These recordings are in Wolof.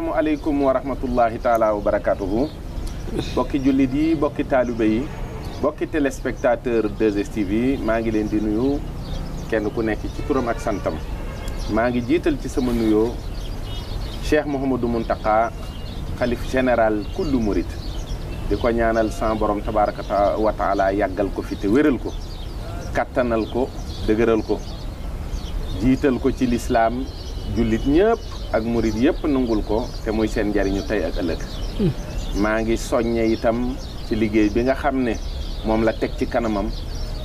asalaamualeykum wa rahmatullahi taala wa barakaatuhu bokki jullit yi bokki taalibe yi bokki téléspectateur 2STV yi maa ngi leen di nuyu kenn ku nekk ci turam ak santam maa ngi jiital ci sama nuyoo Cheikh Mouhamadou Mountakha xalif général kullu murit di ko ñaanal san borom tabaraka wa taala yàggal ko fi te wéral ko kàttanal ko dëgëral ko jiital ko ci lislaam jullit ñëpp ak murit yëpp nangul ko te muy seen njariñu tey ak ëllëg hmm. maa ngi soññe itam ci liggéey bi nga xam ne moom la teg ci kanamam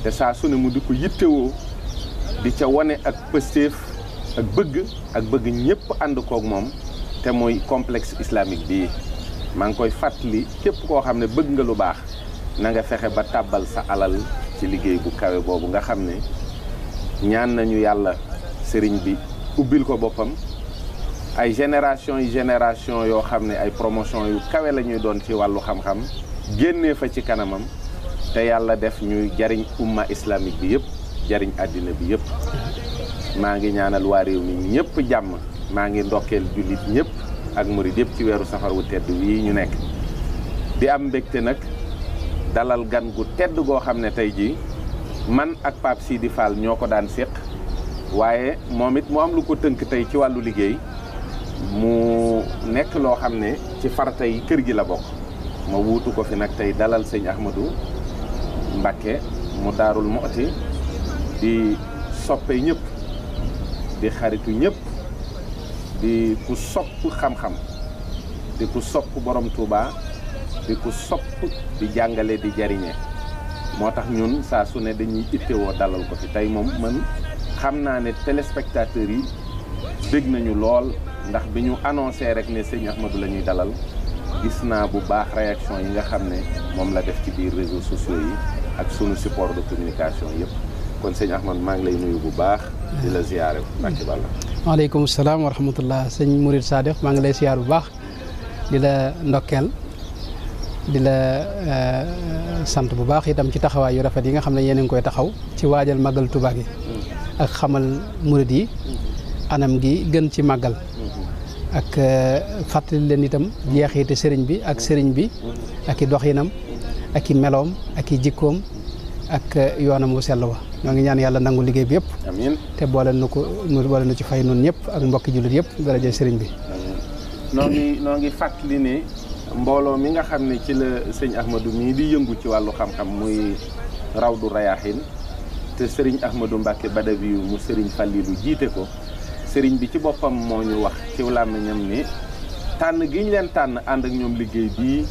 te saa su ne mu di ko yittewoo di ca wane ak pëstéef ak bëgg ak bëgg ñëpp ànd koog moom te muy complexe islamique bii maa ngi koy fàttali képp koo xam ne bëgg nga lu baax na nga fexe ba tàbbal sa alal ci liggéey bu kawe boobu nga xam ne ñaan nañu yàlla sëriñ bi ubbil ko boppam ay génération yi génération yoo xam ne ay promotion yu kawe lañuy doon ci wàllu xam-xam génnee fa ci kanamam te yàlla def ñuy jariñ umma islamique bi yëpp jariñ àddina bi yëpp maa ngi ñaanal waa réew mi ñëpp jàmm maa ngi ndokkeel jullit ñëpp ak murid yëpp ci weeru safar wu tedd wii ñu nekk di am mbégte nag dalal gan gu tedd goo xam ne tey jii man ak Pape Sidi Fall ñoo ko daan séq waaye moom it mu am lu ko tënk tey ci wàllu liggéey mu nekk loo xam ne ci farata yi kër gi la bokk ma wuutu ko fi nag tey dalal sëñ Ahmadou Mbacké mu daarul Muxti di soppe ñëpp di xaritu ñëpp di ku sopp xam-xam di ku sopp borom Touba di ku sopp di jàngale di jariñe moo tax ñun saa su ne dañuy woo dalal ko fi tey moom mën xam naa ne téléspectateurs yi dégg nañu lool ndax bi ñu annoncé rek ne sëñ Ahmadou la ñuy dalal gis naa bu baax réaction yi nga xam ne moom la def ci biir réseaux sociaux yi ak sunu support de communication yëpp kon sëñ Ahmadou maa ngi lay nuyu bu baax. di la ziare Mbacke Balla. maaleykum salaam wa rahmatullah sëñ Mourid Sadikh maa ngi lay ziar bu baax di la ndokkeel di la euh, sant bu baax itam ci taxawaay yu rafet yi nga xam ne yéen a ngi koy taxaw ci waajal màggal Tuubaa gi. Mm. ak xamal murid yi. Mm. anam gi gën ci màggal. ak euh, fàttali leen itam jeexite sëriñ bi ak sëriñ bi ak i doxinam ak i meloom ak i jikkoom ak euh, yoonam wu sell wa ñoo ngi ñaan yàlla nangu liggéey bi yëpp te boole nu ko boole nu ci fay noonu ñëpp ak mbokki jullit yëpp daraje sëriñ bi noo ngi ngi fàttali ne mbooloo mi nga xam ne ci la sëñ Ahmadou mii di yëngu ci wàllu xam muy Rawdu Rayaahin te sëriñ Ahmadou Mbacke Badawi mu sëriñ Fallilou jiite ko sëriñ bi ci boppam moo ñu wax ci làmmiñam ni tànn gi ñu leen tànn ànd ak ñoom liggéey bii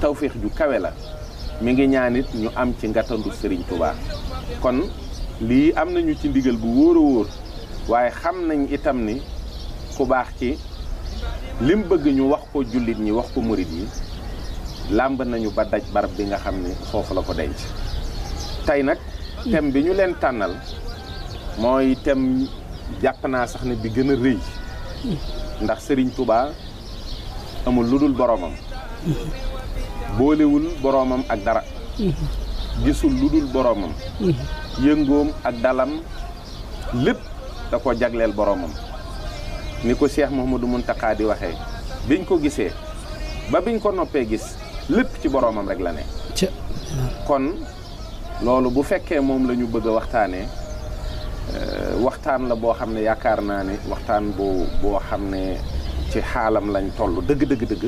tawféex ju kawe la mi ngi ñaanit ñu am ci ngatandu sëriñ Tuubaa kon lii am nañu ci ndigal bu wóor a wóor waaye xam nañ itam ni ku baax ci lim bëgg ñu wax ko jullit ñi wax ko murit yi làmb nañu ba daj barab bi nga xam ne foofu la ko denc tey nag thème bi ñu leen tànnal mooy thème jàpp naa sax ne bi gën a rëy ndax sëriñ Touba amul lu dul boroomam boolewul boroomam ak dara gisul lu dul boroomam yëngoom ak dalam lépp da ko jagleel boroomam ni ko du Mouhamadou Mountakha di waxee biñ ko gisee ba biñ ko noppee gis lépp ci boroomam rek la ne kon loolu bu fekkee moom la ñu bëgg a waxtaanee Euh, waxtaan la boo xam ne yaakaar naa ne waxtaan bu boo xam ne ci xaalam lañ toll dëgg dëgg dëgg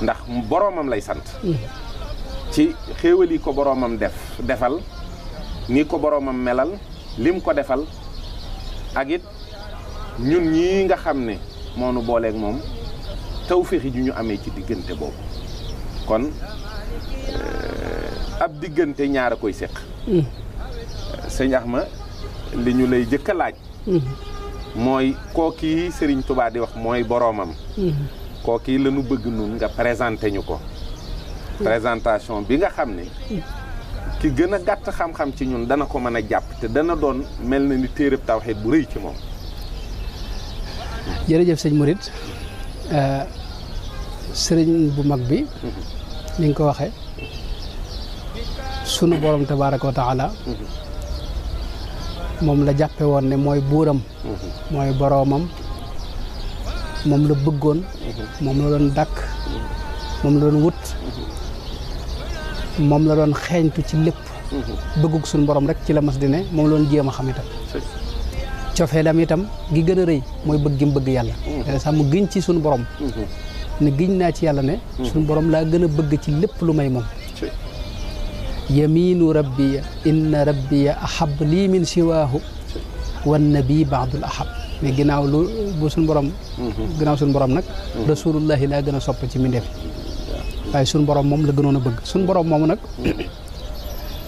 ndax boroomam lay sant mm. ci xéewal yi ko boroomam def defal ngi ko boroomam melal lim ko defal ak it ñun ñi nga xam ne moonu booleek moom tawféex ju ñu amee ci diggante boobu kon euh, ab diggante ñaar a koy séq mm. euh, sëñ Axma li ñu lay jëkk a laaj mm-hmm. mooy kookii sëriñ tubaa di wax mooy boroomam mm-hmm. kookii la ñu bëgg nun nga présenté ñu ko mm-hmm. présentation bi nga xam ne ki gën a gàtt xam-xam ci ñun dana ko mën a jàpp te dana doon mel na ni téereb tawxiid bu rëy ci moom jërëjëf sëñ Murid euh, sëriñ bu mag bi ni nga ko waxe sunu borom tabaaraka wa taala moom la jàppe woon ne mooy buuram mhm. mooy boroomam moom la bëggoon mhm. moom la doon dàkk moom la doon wut mhm. moom la doon xeeñtu ci lépp bëggug suñu borom rek ci la mas di ne moom la doon jéem a xam itam cofeelam itam gi gën a rëy mooy bëgg gi bëgg yàlla te sax mu giñ ci suñu borom ne giñ naa ci yàlla ne suñu borom laa gën a bëgg ci lépp lu may moom yamiinu rabbiya inna rabbiya ahab lii min siwaahu wan baax du ahab mais ginnaaw lu bu suñu borom mhm. ginnaaw suñu borom nag mhm. rasulullahi laa gën a sopp ci mbindeef waaye suñ borom moom la gënoon a bëgg suñu borom moomu nag mhm.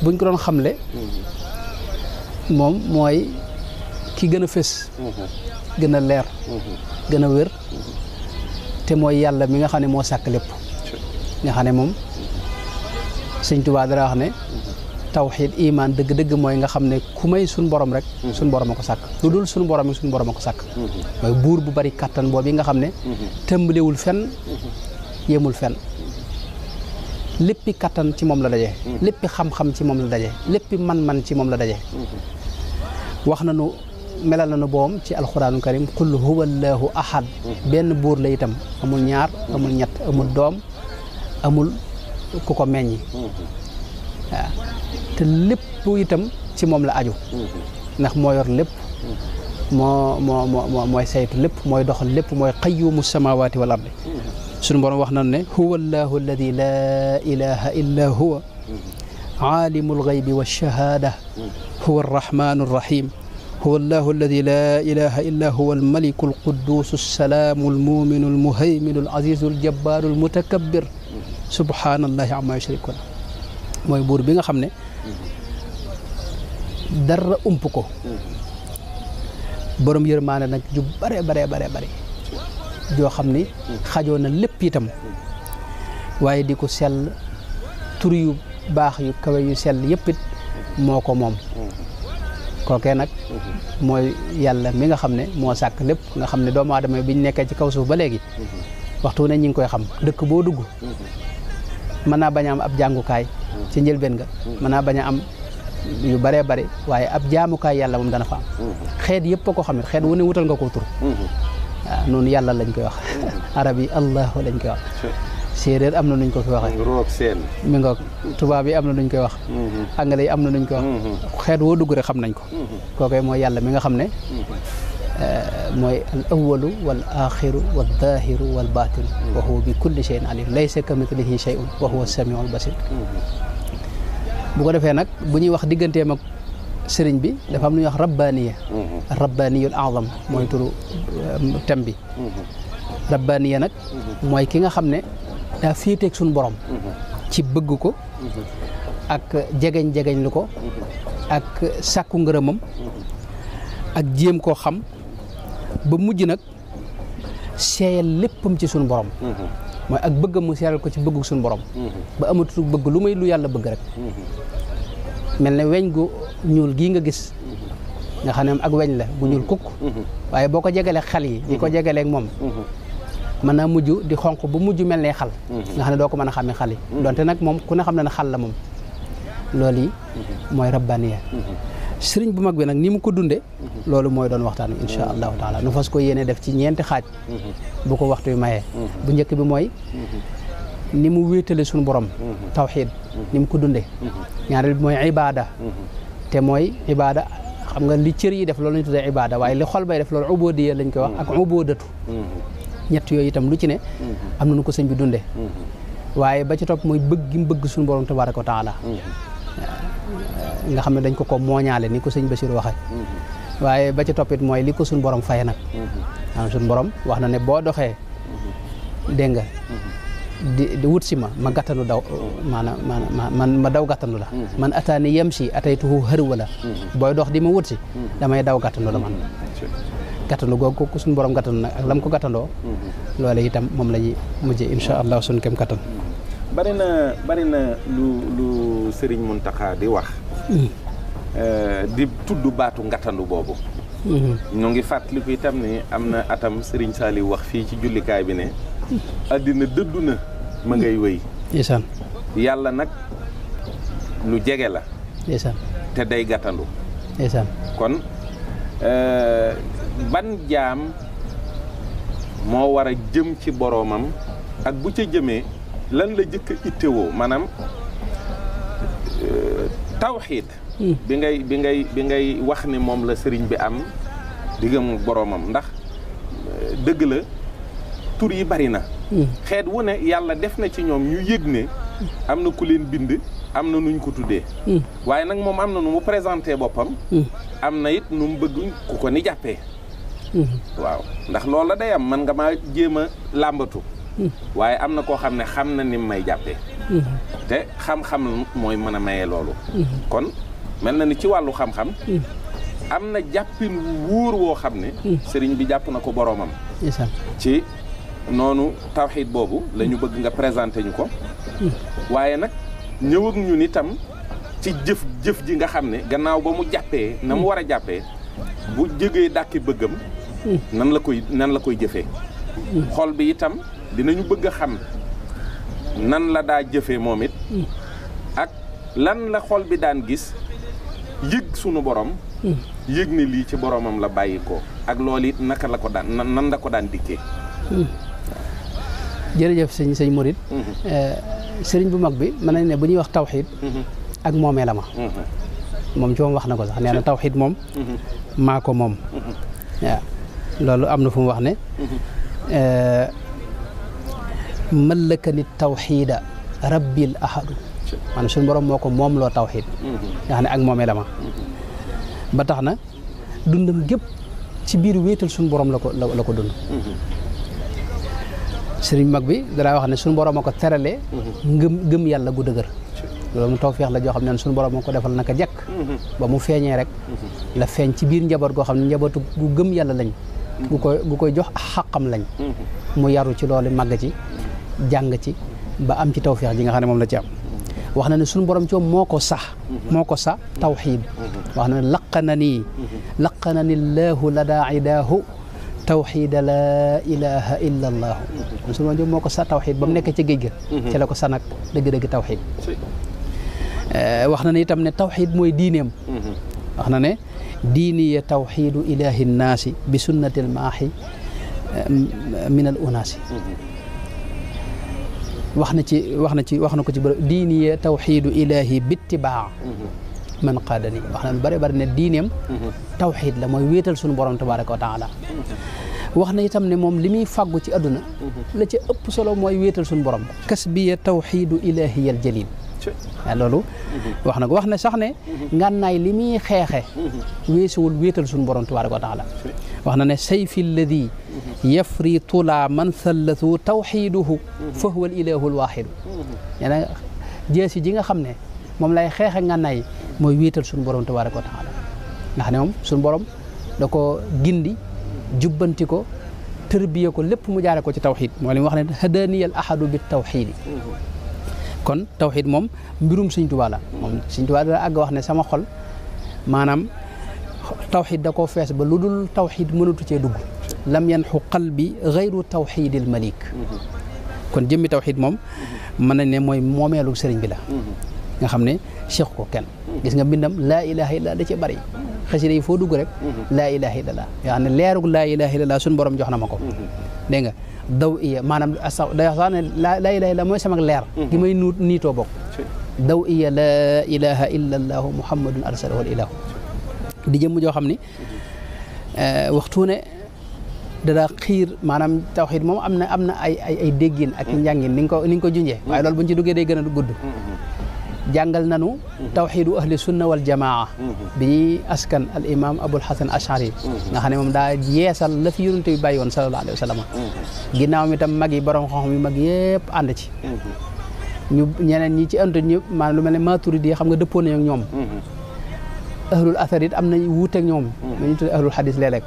buñ ko doon xamle moom mooy ki gën a fés gën a leer gën a wér te mooy yàlla mi nga xam ne moo sàkk lépp nga xam ne moom sëñ Tuubaa dara wax ne tawxiid imaan dëgg-dëgg mooy nga xam ne ku may suñ boroom rek mhm. suñ borom a ko sàkk lu dul suñ borom rek suñ borom a ko sàkk mhm. mooy buur bu bari kàttan boobu yi nga xam ne mhm. tëmbalewul fenn yemul fen léppi kattan ci moom la daje léppi xam-xam ci moom la daje léppi man-man ci moom la daje wax nanu melal nanu boom ci alxuraanu karim qul huwa allahu ahad benn buur la itam amul ñaar amul ñett amul doom amul ku ko meññi waaw te lépp itam ci moom la aju ndax moo yor lépp moo moo moo mooy saytu lépp mooy doxal lépp mooy qayyumu samawaati wal ardi suñu borom wax nañu ne huwa allahu alladi laa ilaha illa huwa aalimu alxaybi walchahaada huwa arrahmanu arrahim huwa allahu alladi laa ilaha illa huwa almaliku alquduusu alsalaamu almuminu almuhayminu alazizu aljabbaaru almutakabbir subhaanallahi amma yushrikuna mooy buur bi nga xam ne dara ump ko borom yërmaane nag ju bare bare bare bare joo xam ni xajoo na lépp itam waaye di ko sell tur yu baax yu kawe yu sell yëpp it moo ko moom kookee nag mooy yàlla mi nga xam ne moo sàkk lépp nga xam ne doomu aadama bi ñu nekkee ci kaw suuf ba léegi waxtu ne ñi koy xam dëkk boo dugg mën naa bañ am ab jàngukaay ci njëlbeen nga mën naa bañ a am yu bëree bëri waaye ab jaamukaay yàlla moom dana fa am xeet yëpp a ko xam ne xeet wu ne wutal nga koo tur waaw noonu yàlla lañ koy wax arab yi allahu lañ koy wax séeréer am na nuñ ko fi waxee mi ngoog tubaab yi am na nuñ koy wax mm-hmm. anglais am na nuñ koy mm-hmm. xeet woo dugg xam nañ ko mm-hmm. kookoy mooy yàlla mi nga xam ne mooy al awalu wal axiru wal daahiru wal baatinu wa huwa bi kulli shay'in alim laysa kamithlihi shay'un wa huwa samiul basir bu ko defee nag bu ñuy wax digganteem ak sëriñ bi dafa am lu ñuy wax rabbaniya rabbaniyul azam mooy turu euh, tem bi rabbaniya nag mooy ki nga xam ne daa féeteeg suñu borom ci bëgg ko ak jegeñ jegeñ lu ko ak sàkku ngërëmam ak jéem koo xam ba mujj nag seeyal léppam ci suñu borom mhm. mooy ak bëggam mu seeral ko ci bëggu suñu borom mhm. ba amatu bëgg lu may lu yàlla bëgg rek mhm. mel ne weñ gu ñuul gii nga gis nga xam ne ak weñ la bu ñuul kukk waaye boo ko jegalee xal yi di ko jegaleeg moom mën naa mujj di xonq ba mujj mel ne xal nga xam ne doo ko mën a xàmmee xal yi donte nag moom ku ne xam ne ne xal la moom loolu yi mooy rabbaniya sëriñ bu mag bi nag ni mu ko dundee loolu mooy doon waxtaan bi incha allahu taala nu fas ko yéene def ci ñeenti xaaj bu ko waxtu yu mayee bu njëkk bi mooy ni mu wéetale suñu borom tawxiid ni mu ko dundee ñaareel bi mooy ibaada te mooy ibaada xam nga li cër yi def loolu lañ tuddee ibaada waaye li xol bay def loolu ubodiya lañ koy wax ak ubodatu ñett yooyu itam lu ci ne am na nu ko sëñ bi dundee waaye ba ci topp mooy bëgg gi mu bëgg suñu borom tabaraka wa taala nga xam ne dañ ko ko mooñaale ni ko sëñ Bachir waxee waaye ba ci toppit mooy li ko suñ borom faye nag am borom wax na ne boo doxee dégg nga di wut si ma ma gàttanu daw maanaam man ma daw gàttanu la man ataani yem si ataytuhu xër wala booy dox di ma wut si damay daw gàttanu la man gàttanu googu ko suñ borom gàttanu nag ak lam ko gàttandoo loole itam moom la ñuy mujjee insha allah suñ kem kattan bari na bari na lu lu Serigne Mountakha di wax. Hmm. Euh, di tudd baatu ngatandu boobu. Hmm. ñu ngi fàttaliku itam ni am na atam Serigne Saliou wax fii ci jullikaay bi ne. àddina dëddu na ma ngay wéy. ndeysaan yàlla nag lu jege la. ndeysaan te day gàttandu. ndeysaan kon euh, ban jaam moo war a jëm ci boroomam ak bu ca jëmee. lan la jëkk a ittewoo maanaam euh, tawxiid hmm. bi ngay bi ngay bi ngay wax ni moom la sëriñ bi am diggam boromam ndax euh, dëgg la tur yi bari na hmm. xeet wu ne yàlla def na ci ñoom ñu yëg ne am na ku leen bind am na nuñ ko tuddee hmm. waaye nag moom am na nu mu présenté boppam am na it nu mu bëgg ku ko ni jàppee waaw ndax loolu la day am man nga maa jéem a làmbatu waaye am na koo xam ne xam na ni may jàppee hmm. te xam-xam mooy mën a maye loolu hmm. kon mel na ni ci wàllu xam-xam hmm. am na jàppin wóor woo xam ne sëriñ bi jàpp na ko boroomam ci noonu tawxiid boobu lañu bëgg nga présenté ñu ko waaye nag ñëw ak ñun itam ci jëf jëf ji nga xam ne gannaaw ba mu jàppee na mu war a jàppee bu jógee dàkki bëggam nan la koy nan la koy jëfee xol bi itam dinañu bëgg a xam nan la daa jëfe moom it hmm. ak lan la xol bi daan gis yëg sunu boroom hmm. yëg ne lii ci boroomam la bàyyi ko ak loolu it naka la ko daan nan la ko daan dikkee hmm. jërëjëf sëñ sëñ Mouride eh, sëriñ bu mag bi mën nañ ne bu ñuy wax tawxiid ak moomee la ma moom ci wax na ko sax nee na tawxiid moom maa ko moom loolu am na fu mu wax ne eh, mallakani tawxiida rabbil ahadu maanaam suñu borom moo ko moom loo tawxiid nga xam ne ak moomee la ma ba tax na dundam gépp ci biir wéetal suñu borom la ko la ko dund sëriñ mag bi danaa wax ne suñu borom a ko terale ngëm ngëm yàlla gu dëgër loolu mu tawfeex la joo xam ne suñu borom moo ko defal naka jekk ba mu feeñee rek la feeñ ci biir njaboot goo xam ne njabootu gu gëm yàlla lañ gu koy gu koy xaqam lañ mu yaru ci loolu màgg ci jàng ci ba am ci tawféex ji nga xam ne moom la ci am wax na ne suñu borom ci moo ko sax moo ko sax tawxiid wax na ne laqana nii na ni laahu la daa idaahu tawxiida laa ilaha illa allaahu suñu borom ci moo ko sa tawxiid ba mu nekk ci géej ga la ko sax nag dëgg-dëgg tawxiid eh, wax na ne itam ne tawxiid mooy diineem wax na ne diini ya tawxiidu ilahi nnaasi bi sunnatil maaxi eh, min al wax na ci wax na ci wax na ko ci bërëb diiniye tawxiidu ilaahi bittibaa mm-hmm. man qaadani wax na lu bëri bëri ne diineem mm-hmm. tawxiid la mooy wéetal suñu borom tabaraka wa taala wax na itam ne moom li muy fàggu ci adduna mm-hmm. la ci ëpp solo mooy wéetal suñu borom kasbiya tawxiidu ilaahiyal jalil Eh, loolu wax na ko wax na sax ne ngànnaay li muy xeexe weesuwul wéetal suñu borom tabaaraka wa taala wax na ne sayfi lladi yafri tula man sallathu tawxiduhu fa huwa al ilahu al waxidu nee na ji nga xam ne moom lay xeexe ngànnaay mooy wéetal suñu borom tabaaraka wa taala ndax ne moom suñu borom da ko gindi jubbanti ko tërbiye ko lépp mu jaare ko ci tawxid moo leen wax ne hadaniyal ahadu bi tawxidi kon tawxiid moom mbirum sëñ Tuubaa la moom sëñ wax ne sama xol maanaam tawxiid da ko fees ba lu dul tawxiid mënatu cee dugg lam yanxu qalbi gayru tawxiidil malik kon jëmmi tawxiid moom mën nañ ne mooy moomeelu sëriñ bi la mm-hmm. nga xam ne séq ko kenn gis nga mbindam laa ilaha illa da ci bari xasida yi foo dugg rek mhm. laa ilaha laa ilaha illallah borom jox na ma ko mhm. dégg nga daw iya maanaam day wax sax la ilaha mooy sama leer mhm. may nuu niitoo bokk daw iya laa ilaha illallahu muhammadun arsalahu ilahu di jëmm joo xam ne eh, waxtu ne dara xiir maanaam tawxiid moom am na am na ay ay ay déggin ak njàngin ni nga ko ni nga ko junjee waaye loolu jàngal nanu tawxiidu ahli sunna wal jamaa mhm. bi ñuy askan al imam abul hasan ashari mhm. nga xam ne moom daa yeesal la fi yonent bi bàyyi woon sallallahu alayhi wa sallam mhm. ginnaaw mi tam mag yi borom xam-xam yi mag yëpp ànd ci ñu ñi ci ant ñi lu mel ne maturidi xam nga dëppoo ak ñoom ahlul athar it am nañ wuuteeg ñoom nañu tuddee ahlul hadis léeg-léeg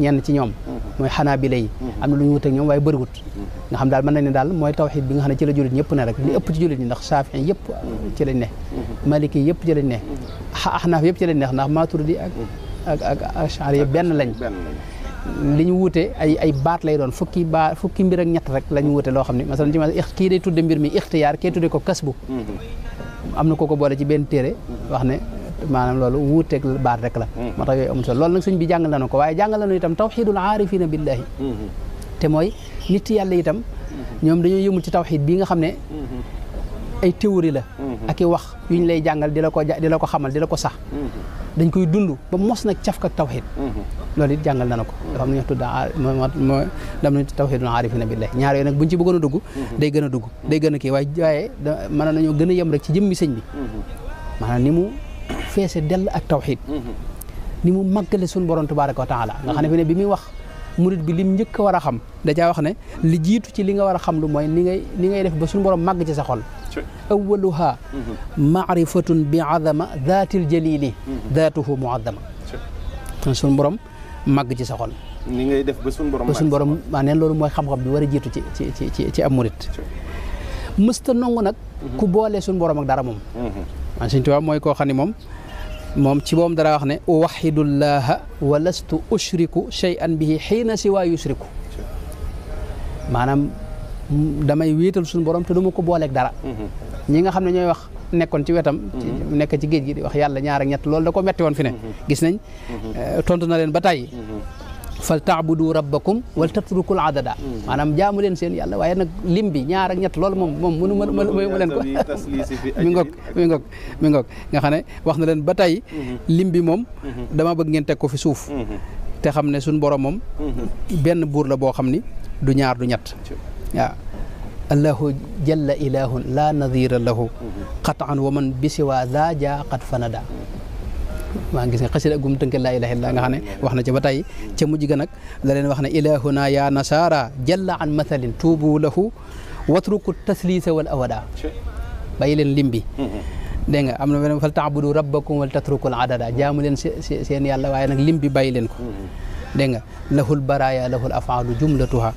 ñenn ci ñoom mm-hmm. mooy xanaabila yi mm-hmm. am na lu ñu wut ñoom waaye bëriwut mm-hmm. nga xam daal ma nañ ne daal mooy tawxiid bi nga xam ne ci la jullit ñëpp ne rek li ëpp ci jullit ñi ndax saafi'i yëpp ci lañ ne maliki yëpp ci lañ ne axnaaf yëpp ci lañ ne ndax maturidi ak ak a ashari yëpp benn lañ li ñu wuute ay ay baat lay doon fukki baat fukki mbir ak ñett rek la ñu wuute loo xam ne masalan ci kii day tudde mbir mi ixtiyaar kee tudde ko kasbu am na ko ko boole ci benn téere wax ne maanaam loolu wuuteeg baat rek la hmm. moo tax yooyu amul solo loolu nag sëñ bi jàngal na ko waaye jàngal nañu itam tawxidul aarifina billahi hmm. te mooy nit yàlla itam hmm. ñoom dañoo yëmul ci tawxid bii nga xam ne la ak i wax yu lay jàngal di la ko di la ko xamal di ko sax dañ koy dund ba mos nag caf kak tawxid loolu it ko dafa am na ñu tudda moo dam nañu tawxidul aarifina billahi ñaar yooyu nag buñ ci bëggoon a dugg day gën a dugg day gën a kii waaye waaye mën nañoo gën a yem rek ci jëmmi sëñ bi maanaam ni mu feese dell ak tawxiid ni mu mag màggale suñu borom tabaaraka wa taala nga xam ne fi ne bi muy wax murit bi lim njëkk a war a xam da caa wax ne li jiitu ci li nga war a xam lu mooy ni ngay ni ngay def ba suñu borom màgg ci sa xol awaluha maarifatun mm-hmm. bi adama daatil jalili mm-hmm. daatuhu muadama suñu borom màgg ci sa xol ni def ba suñu borom ba suñu loolu mooy xam-xam bi war a jiitu ci ci ci ci ci ab murit mësta nongu nag mm-hmm. ku boole suñu borom ak dara moom man Sëñ Tuubaa mooy xam ne moom moom ci moom dara wax ne uwaxidullaha wa lastu ushriku shay'an bihi xiina si waa yushriku maanaam damay wéetal suñu borom te ma ko booleeg dara ñi nga xam ne ñooy wax nekkoon ci wetam nekk ci géej gi di wax yàlla ñaar ñett loolu da ko metti woon fi ne mm-hmm. gis nañ mm-hmm. tontu leen ba tàyyi mm-hmm. fal taabudu rabbakum wal tatrukul adada hmm. maanaam jaamu leen seen yàlla waaye nag lim bi ñaar ak ñett loolu moom moom mënu ma mënu leen ko mi ngoog mi ngoog mi ngoog nga xam ne leen ba tey hmm. lim bi moom hmm. dama bëgg ngeen teg ko fi suuf te xam ne suñ borom moom benn buur la boo xam ni du ñaar du ñett waaw allahu jalla ilahun la nadira lahu qatan wa man bisiwa za ja qad fanada maa ngi si ne xasida gum tënk laa ilaha illa nga xam ne wax na ci ba tey ca mujj ga nag la leen wax ne ilahuna ya nasara jalla an mathalin tuubu lahu watruku taslisa wal awada bàyyi leen lim bi dégg nga am na beneen fal taabudu rabbakum wal tatruku al adada jaamu leen seen yàlla waaye nag lim bi bàyyi leen ko dégg nga lahul baraya lahul afaalu jumlatuha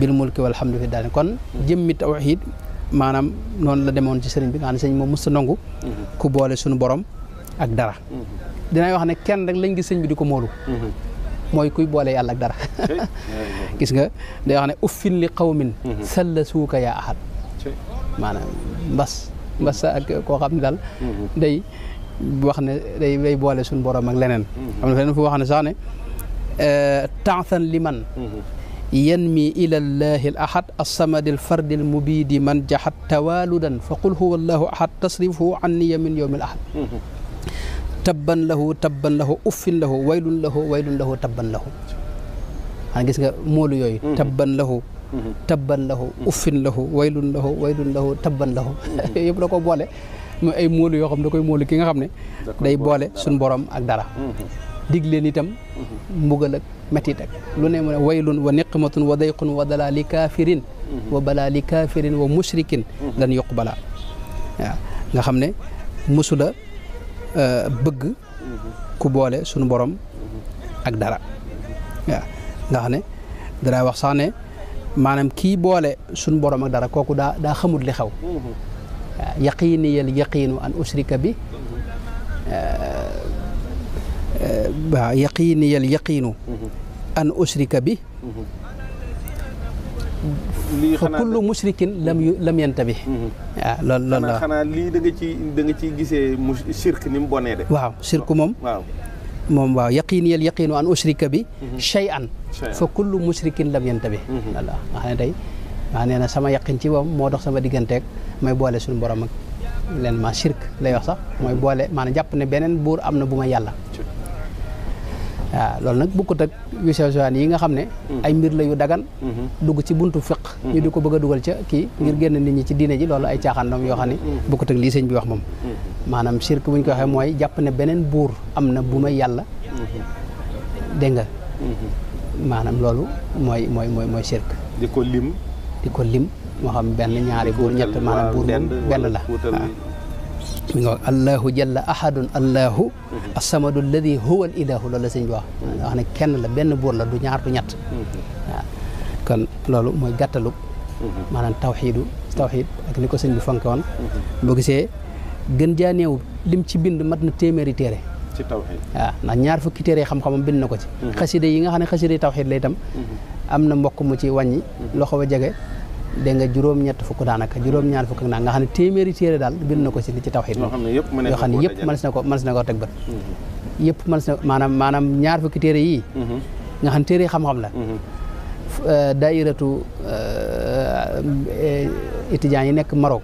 bil mulki walhamdu fi kon jëmmi tawxid maanaam noonu la demoon ci sëriñ bi nga xam ne sëriñ moom mës ku boole suñu borom ak dara dinaay wax ne kenn rek lañ gis sëñ bi di ko moolu mooy kuy boole yàlla ak dara gis nga day wax ne uffin li qawmin salla suuka yaa mbas mbas ak koo xam ne mm-hmm. day wax ne day day boole suñu borom ak leneen xam mm-hmm. na feneen fu wax ne sax eh, li mm-hmm. man yanmi ila llahi al ahad alsamadi alfardi almubidi man jaxat tawaludan fa qul huwa allahu ahad tasrifuhu anniya min yowmi al tabban lahu tabban lahu uffin lahu waylun lahu waylun lahu tabban lahu xanaa gis nga moolu yooyu mm-hmm. tabban lahu mm-hmm. tabban lahu mm-hmm. uffin lahu waylun lahu waylun lahu tabban lahu yooyu yëpp da ko boole mu ay moolu yoo xam ne da koy moolu ki nga xam ne day boole suñ borom ak dara dig leen itam mbugal ak metit ak lu ne mu ne waylun wa niqmatun wa dayqun wa dalaa li kaafirin wa balaa li kaafirin wa mushrikin lan yuqbala waaw nga xam ne musula Euh, bëgg ku boole suñu borom ak dara waaw nga xam ne dara wax sax ne maanaam kii boole suñu borom ak dara kooku daa daa xamut li xew waaw yaqiiniyal yaqiinu an usrika bi waaw yaqiiniyal yaqiinu an usrika bi lii xanaa kullu mushrikin lam yu lam yantabi. Mm-hmm. waaw loolu loolu la xanaa lii da ci da nga ciy gisee mu shirk ni mu bonee de. waaw shirk moom. moom waaw yaqiniyal yaqinu an ushrika bi. Mm-hmm. shay'an fa kullu mushrikin lam yantabi. voilà nga xam ne tey wax nee na sama yaqin ci moom moo dox sama digganteeg may boole suñu borom ak leen ma shirk la wax sax mooy boole maanaam jàpp ne beneen buur am na bu ma yàlla. waaw loolu nag bokkut ak yu sew sewaan yi nga xam ne hmm. ay mbir la yu dagan hmm. dugg ci buntu fiq hmm. ñu di ko bëgg dugal ca kii ngir génn nit ñi ci diine ji loolu ay caaxaan doom yoo xam ne bokkut ak lii sëñ bi wax moom maanaam sirk bu ñu ko waxee mooy jàpp ne beneen buur am na bu may yàlla dégg nga maanaam loolu mooy mooy mooy mooy di ko lim di ko lim moo xam benn ñaari buur ñett maanaam buur benn la mi nga wax allahu jalla ahadun allahu asamadu alladi huwa loolu la sëñ bi kenn la benn buur la du ñaar du ñett kon loolu mooy gàttalu maanaam tawxiidu tawxiid ak ni ko sëñ bi fonke woon boo gisee gën jaa néew lim ci bind mat na téeméeri téere ci tawxiid ñaar fukki téere xam-xamam bind na ko ci mhm. xasida yi nga xam ne xasida tawxiid la itam mhm. am na mbokk mu ci wàññi mhm. loo xaw dégg nga juróom-ñett fukk daanaka juróom-ñaar fukk ak naa nga xam ne téeméeri téere daal bind na ko ci li ci tawxiid yoo xam ne yëpp mënees na ko mënees ko teg bët mhm. yëpp mënees na maanaam maanaam ñaar fukki téere yii mhm. nga xam ne téere xam-xam la mhm. euh, daayiratu étudiants euh, euh, yi nekk Maroc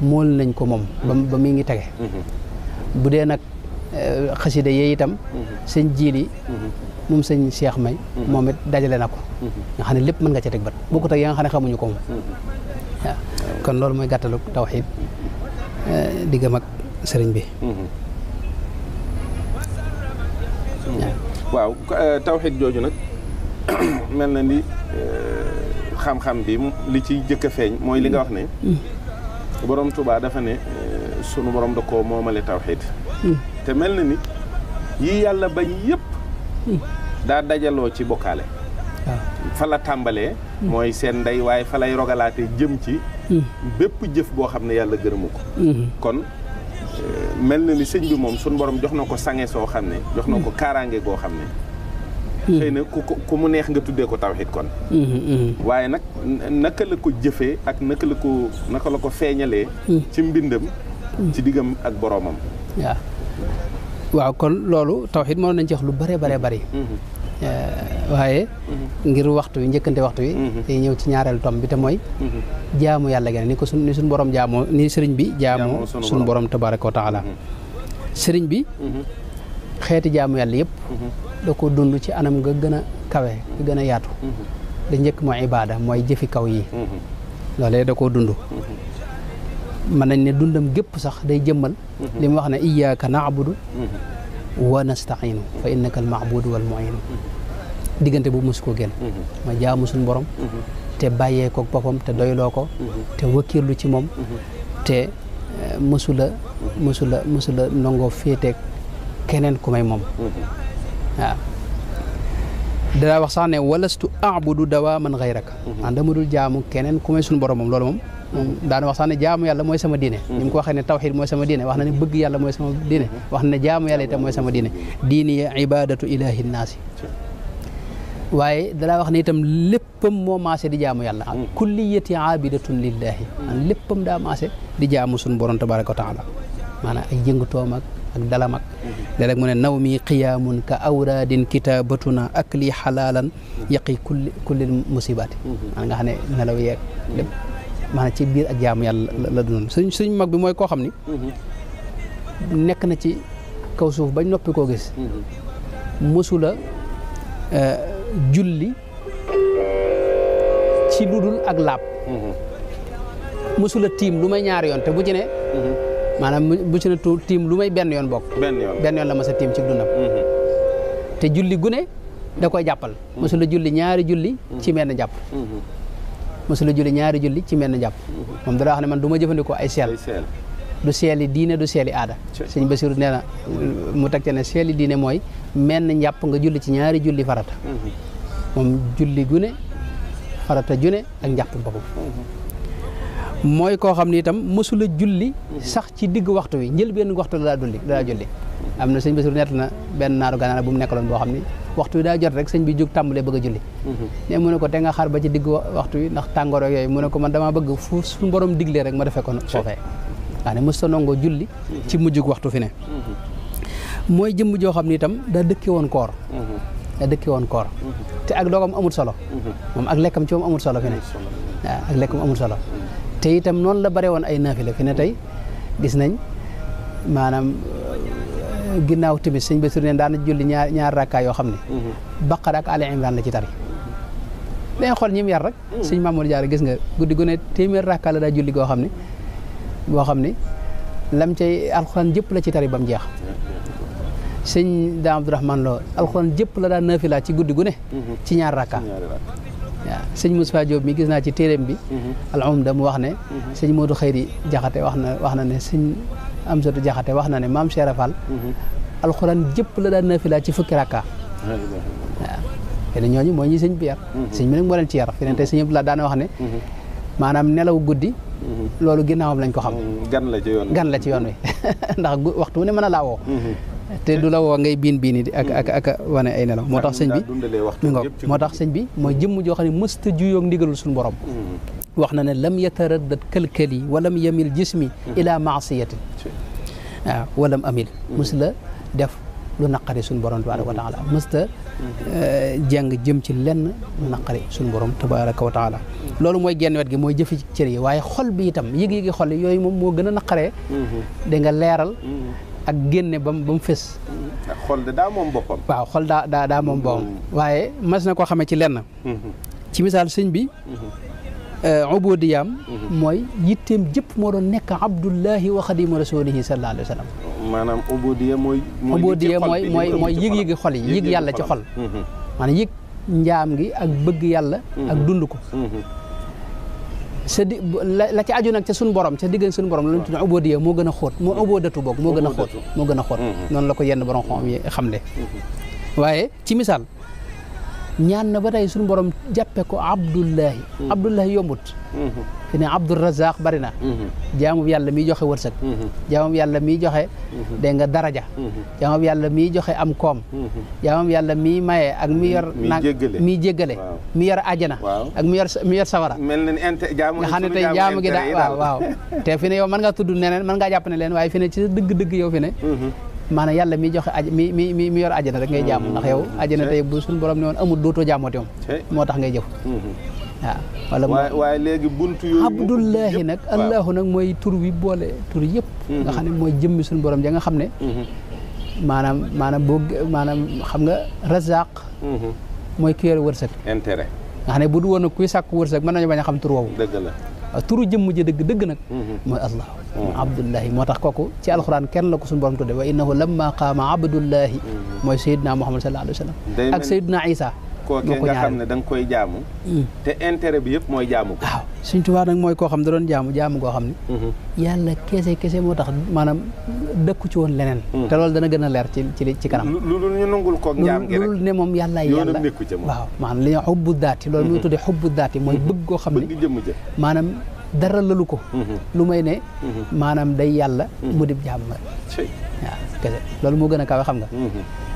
mool nañ ko moom ba mi ngi tege bu dee nag xasida yee itam seen jiili moom sëñ Cheikh May mhm. moom it dajale na ko mhm. nga xam ne lépp mën nga ca ba bat bokkut ak ya nga xam ne xamuñu ko moom mhm. kon loolu mooy gàttalu tawxiid eh, diggam ak sëriñ bi waaw eh, tawxiid jooju nag mel na ni eh, xam-xam bi li ci jëkk feeñ mooy li nga wax ne mm. borom Tuubaa dafa ne sunu borom da koo moomale tawxiid mm. te mel na ni yi yàlla bañ yëpp mm. daa dajaloo ci bokkaale ah. fa la tàmbalee hmm. mooy seen ndey waaye fa lay rogalaate jëm ci hmm. bépp jëf boo xam ne yàlla gërëmu ko hmm. kon euh, mel na ni sëñ bi moom suñ borom jox na ko sange soo xam ne jox na ko kaaraange goo xam ne xëy na ku ku mu neex nga tuddee ko tawxit kon waaye nag naka la ko jëfee ak naka la ko naka la ko feeñalee ci mbindam ci diggam ak boroomam waaw kon loolu tawxiid mënoon nañ ci wax lu bare bare bari mm-hmm. eh, waaye mm-hmm. ngir waxtu wi njëkkante waxtu wi mm-hmm. day ñëw ci ñaareel tom bi te mooy jaamu yàlla gën ni ko sun ni suñ borom jaamoo ni sëriñ bi jaamoo suñ borom tabaraka wa sëriñ bi xeeti jaamu yàlla yëpp da ko dund ci anam nga gën a kawe nga gën a yaatu da njëkk mooy ibaada mooy jëfi kaw yi loolee da ko dund mën nañ ne dundam gépp sax day jëmmal mhm. li mu wax ne iyyaka na'budu mhm. wa nasta'inu fa innaka al-ma'budu wal mu'inu mhm. diggante bu mos koo génn ma jaamu suñu borom te bàyyee ko boppam te doyloo ko te wëkkirlu ci moom te eh, mosula mosula mosula nangoo féeteeg keneen ku may moom waaw danaa wax sax ne walastu a'budu dawaaman ghayraka an dama dul jaamu keneen ku may suñu borom moom loolu moom moom daana wax sax ne jaamu yalla mooy sama diine ni mu ko waxee ne tawxid mooy sama wax na ne bëgg yàlla mooy sama diine wax na ne jaamu yàlla itam mooy sama diine diini ya ibadatu ilahi naasi waaye dalaa wax ne itam léppam moo maase di jaamu yàlla kulliyati abidatun lillahi an léppam daa maase di jaamu sun borom tabaraka wa taala maanaam ay yëngutoom ak ak dalam ak léeg-léeg mu ne naw mi qiyaamun ka awraadin kitaabatuna ak xalaalan yaqi kulli kulli musibaati maanaam nga xam ne maanaam ci biir ak jaamu yàlla la doon suñ suñ mag bi mooy koo xam ni mm-hmm. nekk na ci kaw suuf bañ noppi koo gis mosula mm-hmm. eh, julli ci lu ak laab mosula mm-hmm. tiim lu may ñaari yoon te bu ci ne maanaam bu ci ne tiim lu may benn yoon bokk benn yoon la ma tiim ci dundam te julli gune da koy jàppal mosula julli ñaari julli ci menn jàpp mosula julli ñaari julli ci menn njàpp mhm. moom dala wax ne man du ma jëfandikoo ay seel du seel yi diine du seel yi aada sëñ Basiru nee na mu teg te diine mooy menn njàpp nga julli ci ñaari julli farata mhm. moom julli gune farata june mhm. koo xam ne itam mosula julli sax ci digg waxtu wi njël benn waxtu la daa dulli julli am na sëñ Basiru nett na benn naaru gànnaar bu mu nekkaloon boo xam ni waxtu wi daa jot rek sëñ bi jóg tàmbalee bëgg a julli mhm. ne mu ne ko te nga xaar ba ci digg waxtu wi ndax tàngoor yooyu mu ne ko man damaa bëgg fu suñu borom diglee rek ma defee ko foofee daa ne mos ta nongoo julli mhm. ci mujjug waxtu fi ne mhm. mooy jëmm joo xam ne itam daa dëkke woon koor daa dëkke woon koor te ak doogam amul solo moom ak lekkam ci moom amul solo fi ak lekkam amul solo te itam noonu la bare woon ay naafila fi ne tey gis nañ maanaam ginnaaw tamit sëñ Basiru ne daana julli ñaar ñaar rakka yoo xam ne mhm. Baqara ak Ali Imran la ci tari danga xool ñim yar rek mhm. sëñ Mamour a gis nga guddi gu ne téeméer rakka la daa julli goo xam ne boo xam ne lam cay alxuraan jëpp la ci tari ba jeex sëñ Daam Abdourahman Lo alxuraan jëpp la daa naafila ci guddi gu ne mhm. ci ñaar rakka waaw sëñ Moussa Diop mi gis naa ci téeréem bi al umda mu wax ne sëñ Modou Xayri Jaxate ne Amsatu Jaxate wax na ne maam Cheikh Fall mhm. alxuraan jëpp la daan nafila ci fukki rakka waaw te ñooñu mooy ñi sëñ bi yar mhm. sëñ bi nag moo leen ci yar fi ne tey sëñ bi la daan wax ne mhm. maanaam nelaw guddi loolu ginnaawam lañ ko xam gan la ci yoon wi ndax waxtu wu ne mën a laawoo te du la woo ngay biin biini di ak ak ak wane ay nelaw moo tax sëñ bi mi ngoog moo tax sëñ bi mooy jëmm joo xam ne mësta juyoog ndigalul suñu borom mm-hmm. wax na ne lam yataraddat kalkali walam yamil jismi mm-hmm. ila maasiyatin waaw ah, walam amil mm-hmm. mës la def lu naqari suñu borom tabaraka wa taala mës ta eh, jàng jëm ci lenn lu naqari suñu borom tabaraka wa taala loolu mooy genn wet gi mooy jëfi cër yi waaye xol bi itam yëg-yëgi xol yooyu moom moo gën a naqaree da leeral ak génne ba mu ba mu moom boppam. waaw xol daa daa daa moom boppam. Mm-hmm. waaye mas na koo xamee ci lenn. Mm-hmm. ci misaal sëñ bi. Mm-hmm. Euh, ubudiyam mooy yitteem jëpp moo doon nekk abdullahi wa xadimu rasulihi sallallahu alayhi wa sallam. maanaam ubudiya mooy. ubudiya mooy xol yi yëg yàlla ci xol. maanaam yëg njaam gi ak bëgg yàlla. ak dund ko. sa di la ci aju nag ca suñu borom ca diggante suñu borom lañu tudd ubodiya moo gën a xóot moo ubodatu boog moo gën a xóot moo gën a xóot mm-hmm. noonu la ko yenn borom xam yi xam le mm-hmm. waaye ci misaal ñaan na ba tey suñu borom jàppe ko abdullahi mm-hmm. abdullahi yombut mm-hmm. fi ne abdourazaq bari na mm-hmm. jaamub yàlla miy joxe wërsëg jaamub yàlla miy joxe dégg nga daraja jaamub yàlla miy joxe am koom jaamub yàlla miy maye ak mi yor nag miy jéggale mi yor ajana ak mi yor mi yor sawara nga xam ne tey jaamu gi daa waaw te fi ne yow mën ngaa tudd neneen mën ngaa jàpp ne leen waaye fi ne ci dëgg-dëgg yow maanaam yàlla mi joxe aj mi mi mi mi yor àjjana rek ngay jaamu mm-hmm. ndax yow mm-hmm. àjjana tey bu suñu borom ne woon amul dootoo jaamooti moom moo tax ngay jëf mm-hmm. waaw wala waaye léegi buntu yooyu abdullahi nag allahu nag mooy tur wi boole tur yëpp nga xam ne mooy jëmmi suñu borom ja nga xam ne maanaam maanaam boo maanaam xam nga razaq mooy ki yor wërsëg nga ne bu du woon kuy sàkk wërsëg mën nañu bañ a xam tur woowu dëgg la euh, turu jëmm ji dëgg dëgg nag mm-hmm. mooy allah mm-hmm. abdullahi moo tax kooku ci alxuraan kenn la ko suñu borom tudde wa innahu lamma qaama abdullahi mm-hmm. mooy sayidna muhammad sallallahu alayhi wa sallam ak sayidna isa kookee nga xam ne da nga koy jaamu hmm. te intérêt bi yëpp mooy jaamu ko waaw suñ tubaab nag mooy koo xam ne da doon jaamu jaamu koo xam ne mhm. yàlla kese kese moo tax maanaam dëkku ci woon leneen hmm. te loolu dana gën a leer ci ci ci kanam lu lu ñu nangul koog njaam gi rek lu ne moom yàlla yàlla waaw maanaam li ñuy xubbu daati loolu muy mhm. mhm. a kawe xam nga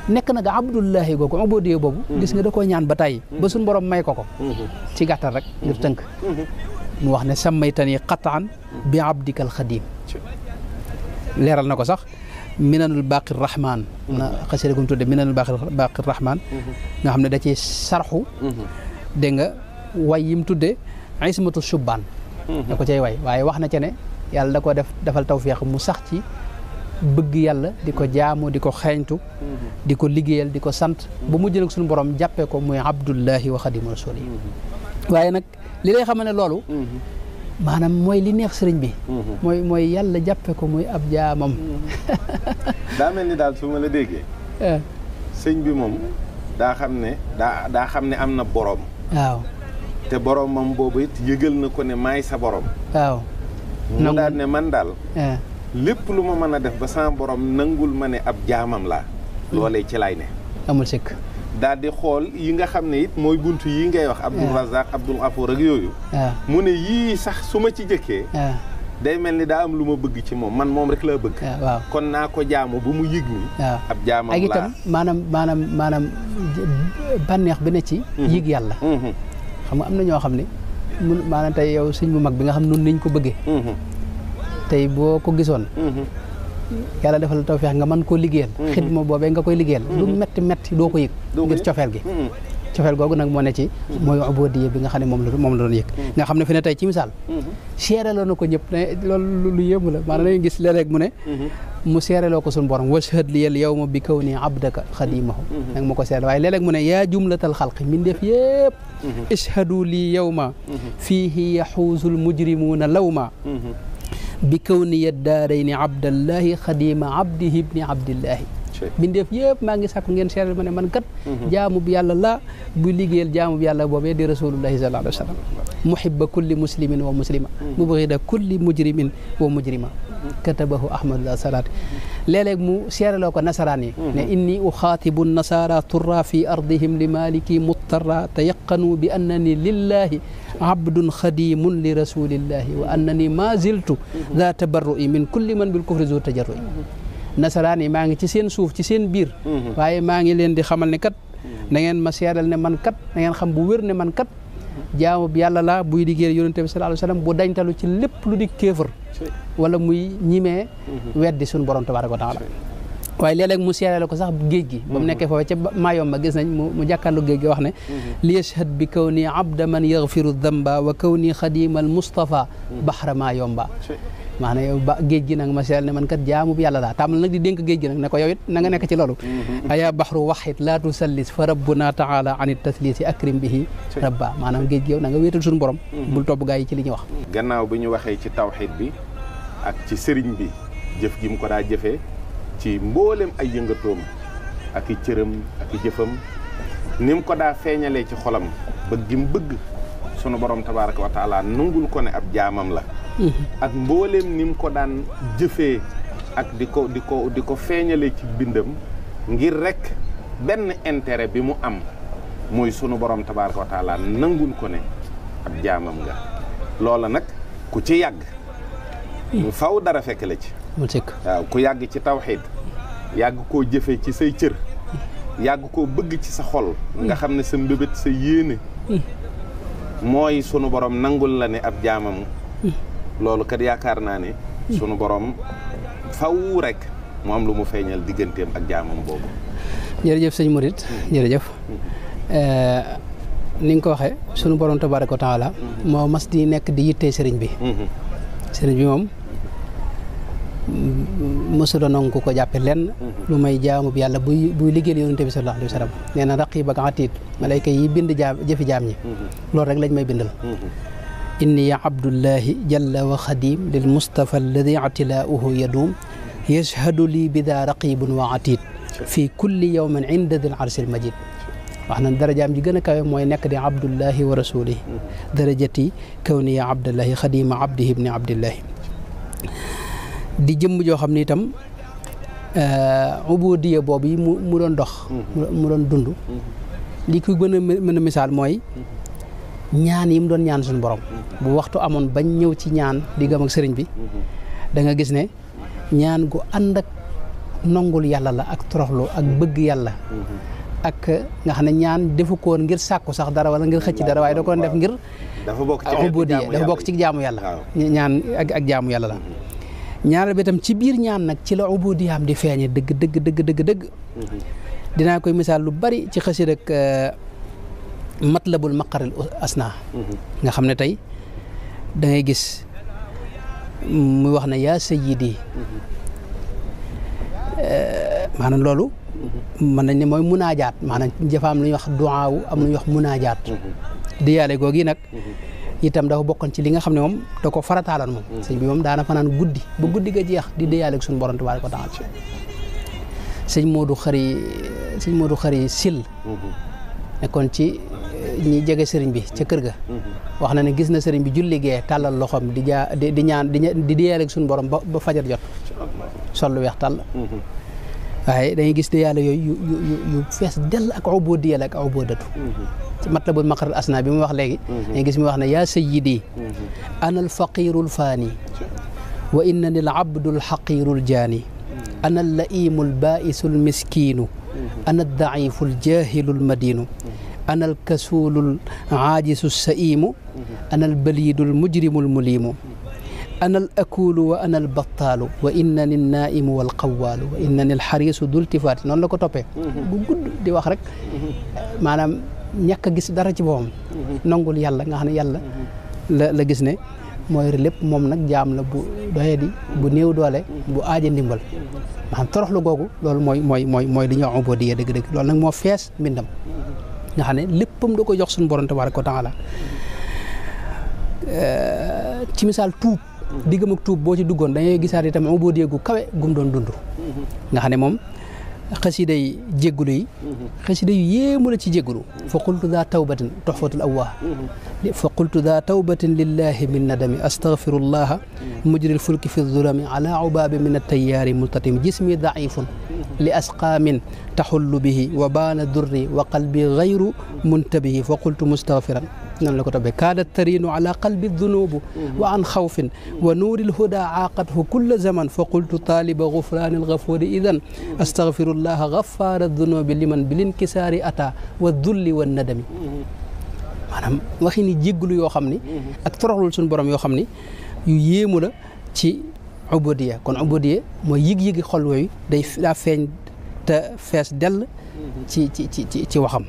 nekk na nga abdullahi googu ubudiyya boobu mm-hmm. gis nga da koo ñaan ba tàyyi ba mm-hmm. suñ borom may ko ko mm-hmm. ci gàttal rek ngir tënk mu wax ne sammaytani qataan bi abdikal xadim leeral na ko sax minanul baqi rahman na xasida gum tudde minanul baqi rahman nga xam ne da ci sarxu dégg nga way yim tudde ismatu subbaan da ko cay way waaye wax na ca ne yàlla da ko def defal tawféex mu sax ci bëgg yàlla di ko jaamu di ko xeeñtu di ko liggéeyal di ko sant bu mujj nag suñu borom jàppee ko muy abdullahi wa xadimu rasuli waaye nag li lay xamal ne loolu maanaam mooy li neex sëriñ bi mooy mooy yàlla jàppe ko muy ab jaamam daa mel ni daal su ma la déggee eh. bi moom daa xam ne daa daa xam ne am na boroom waaw te boromam boobu it yëgal na ko ne maay sa boroom waaw mu daal ne man daal eh. lépp lu ma mën a def ba sama borom nangul ma ne ab jaamam laa loolee ci laay ne amul sikk daal di xool yi nga xam ne it mooy bunt yi ngay wax Abdul Razak Abdul Afour ak yooyu mu ne yii sax su ma ci jëkkee day mel ni daa am lu ma bëgg ci moom man moom rek laa bëgg waaw kon naa ko jaamu bu mu yëg ni ab jaamam laa ak itam maanaam maanaam maanaam bànneex bi ne ci mm-hmm. yëg yàlla mm-hmm. xam nga am na ñoo xam ne mun maanaam tey yow sëñ bu mag bi nga xam noonu nañ ko bëggee mm-hmm. tey boo ko gisoon mm-hmm. yàlla defal la tawfeex nga mën koo liggéeyal mm-hmm. xidma boobee nga koy liggéeyal lu mm-hmm. metti metti doo ko yëg ngir cofeel gi cofeel googu nag moo ne ci mooy abodiye bi nga xam ne moom la moom la doon yëg nga xam ne fi ne tey ci misaal seereloo na ko ñëpp ne loolu lu yéemu la maanaam dañuy gis léeg-léeg mu ne mu seereloo ko suñu borom washhad li yel ma bi kaw nii abdaka xadimahu nag ma ko seerel waaye léeg-léeg mu ne yaa jumlatal xalqi min def yëpp ishadu lii yow ma fiihi yaxuusul mujrimuuna law bi kawniya daarayni abdallahi xadima abdihi ibni abdillahi bindeef yëpp maa ngi sàkku ngeen seeral ma ne man kat mhm. jaamu bi yàlla la bu liggéeyal jaamu bi yàlla boobee di rasulullahi sallallahu alayhi wa sallam muhibba kulli muslimin wa muslima mhm. mubghida kulli mujrimin wa mujrima katabahu ahmadul asaraati léeg-léeg mu seeraloo ko nasaraan yi mm-hmm. ne inni uxaatibu nasara turra fi ardihim li maliki muttarra tayaqanu bi annani lillahi abdun xadimun li rasulillahi wa annani ma ziltu daa mm-hmm. tabarru'i min kulli man bil kufri zu tajarru'i mm-hmm. nasaraan yi maa ngi ci seen suuf ci seen biir waaye maa ngi leen di xamal ne kat na ma seeral ne man kat na ngeen xam bu man kat jaamu bi yàlla la buy liggéeyal yonente bi sallallahu alayhi wasallam bu dañtalu ci lépp lu di kéefër wala muy ñimee mhm. weddi suñu borom tabaraka wa taala waaye léeg-léeg mu seerale ko sax géej gi ba mu mhm. nekkee foofu ca maayom ba gis nañ mu jàkkaarlu géej gi wax ne mhm. li yashhad bi kaw nii abda man yaghfiru dhanba wa kaw nii xadimal mustafa baxra maayom ba maanaam yow ba géej gi nag ma seel ne man kat jaamu yàlla laa tàmmal nag di dénk géej gi nag ne ko yow it na nga nekk ci loolu mm-hmm. ayaa baxru waxit laa tusallis fa rabbuna taala an it taslisi akrim bihi rabba maanaam géej gi yow na nga wéetal suñu borom mm-hmm. bul topp gaa yi ci li ñuy wax gannaaw bi ñu waxee ci tawxid bi ak ci sëriñ bi jëf gi mu ko daa jëfee ci mboolem ay yëngatoom ak i cëram ak i jëfam ni mu ko daa feeñalee ci xolam bëgg gi mu sunu borom tabaaraka wa taala ko ne ab jaamam la mm-hmm. ak mbooleem ni mu ko daan jëfee ak di ko di ko di ko feeñale ci bindam ngir rekk benn intérêt bi mu am muy sunu borom tabaaraka nangul ko ne ab jaamam nga loola nag ku ci yàgg mu mm-hmm. faw dara fekk la ci waaw ku yàgg ci tawxiid yàgg koo jëfe ci say cër yàgg koo bëgg ci sa xol nga mm-hmm. xam ne sa mbébét sa yéene mooy sunu borom nangul la ne ab jaamam hmm. loolu kat yaakaar naa ne hmm. sunu borom faw rek mu am lu mu feeñal digganteem ak jaamam boobu jërëjëf sëñ Murit hmm. jërëjëf eh, ni nga ko waxee sunu borom tabaaraka wa taala moo mas di nekk di yittee sëriñ bi sëriñ bi moom mësula nangu ko ko jàppe lenn mhm. lu may jaamu bi yàlla buy buy liggéeyal yonent bi sallallahu alayhi wa sallam nee na raqiib ak atiid malayka yi bind jaam jëfi jaam ñi mhm. loolu rek lañ may bindal mhm. inni ya abdullahi jalla wa xadim lil mustafa alladi atilaauhu yaduum yashhadu lii bidaa raqibun wa atiid fii kulli yawmin inda dil arsil majid wax na darajaam ji gën a kawe mooy nekk di abdullahi wa rasulihi darajati kawniya abdullahi xadima abdihi ibni abdillahi di jëmm joo xam ni itam euh, ubudiya boobu yi mu mu doon dox. Mm-hmm. mu doon dund. Mm-hmm. li ku gën a mën a misaal mooy mm-hmm. ñaan yi mu doon ñaan suñu borom. bu waxtu amoon bañ ñëw ci ñaan di gëm ak sëriñ bi. da gis ne ñaan gu ànd ak nongul yàlla la ak toroxlu ak bëgg yàlla. ak nga xam ne ñaan defu ko woon ngir sàkku sax dara wala ngir xëcc dara waaye da ko def ngir. dafa bokk ci jaamu yàlla dafa bokk ci jaamu ñaan ak jaamu yàlla la. ñaareel bi itam ci biir ñaan nag ci la ubudiyaam di feeñe dëgg dëgg dëgg dëgg dëgg koy misaal lu bari ci xësi rek euh, matlabul maqaril asna nga xam ne tey dangay gis muy wax ne yaa sayyidi euh, maanaam loolu mën nañ ne mooy munaajaat maanaam jafa am lu ñuy wax duwaaw am lu ñuy wax munaajaat mhm. diyaale googi nag mhm. itam dafa bokkon ci li nga xam ne moom da ko farataaloon moom mm. sëñ bi moom daana fanaan guddi ba mm. guddi ga jeex di déyaale ak suñu borom tabaaraka wa taala sëñ Modou Khary sëñ Modou Khary mm-hmm. ci eh, ñi jege sëriñ bi ca kër ga mm-hmm. na ne gis na sëriñ bi julli gee tàllal loxoom di jaa di ñaan di déyaale ak suñu borom ba ba fajar jot sol lu mm-hmm. gis déyaale yooyu fees dell matlabul maqaral asna bi mu wax léegi dañ mhm. gis mu wax ne yaa sayyidi mhm. ana al faqirul faani wa innani al abdul xaqirul jaani mhm. ana al laimul baisul miskiinu ana al daiful jahilul madiinu ana al kasuulul aajisu saiimu ana al baliidul mujrimul muliimu ana al akuulu wa ana al battaalu wa innani al naaimu wal qawaalu wa innani al xariisu dul tifaati noonu la ko toppee bu gudd di wax rek maanaam ñàkk a gis dara ci boppam mhm. nangul yàlla nga xam ne yàlla la gis ne mooy lépp moom nag jaam la bu doye bu néew doole mhm. bu aaja ndimbal mhm. maanaam toroxlu googu loolu mooy mooy mooy mooy li ñuy wax ubudiya dëgg-dëgg loolu nag moo fees mbindam nga xam ne léppam da koy jox suñu borom tabaaraka wa taala ci misaal tuub diggam ak tuub boo ci duggoon da ngay gisaat itam ubudiya gu kawe gum doon dund nga ne moom xasida yi jéggulu yi mhm. xasida yu yéemu la ci jéggulu mhm. fa qultu daa tawbatin toxfatul awwaa mhm. fa qultu daa tawbatin lillahi min nadami astaghfirullaha mujril fulki fi zulami ala ubabi min altayaari multatim jismi daifun li asqaamin taxullu bihi wa baana durri wa qalbi gayru muntabihi fa qultu mustaghfiran noonu la ko toppee kaada tarinu ala qalbi dunubu wa an xawfin wa nuuri lhuda aaqathu kulla zaman fa qultu taaliba gufraani algafuri idan astaghfirullaha gafaara dunubi liman bilinkisaari ata wa dulli wa nadami maanaam waxi ni jégglu yoo xam ni ak toroxlul suñu borom yoo xam ni yu yéemu la ci ubudiyya kon ubudiyya moo yëg-yëgi xol yooyu day daa feeñ te fees dell ci ci ci ci waxam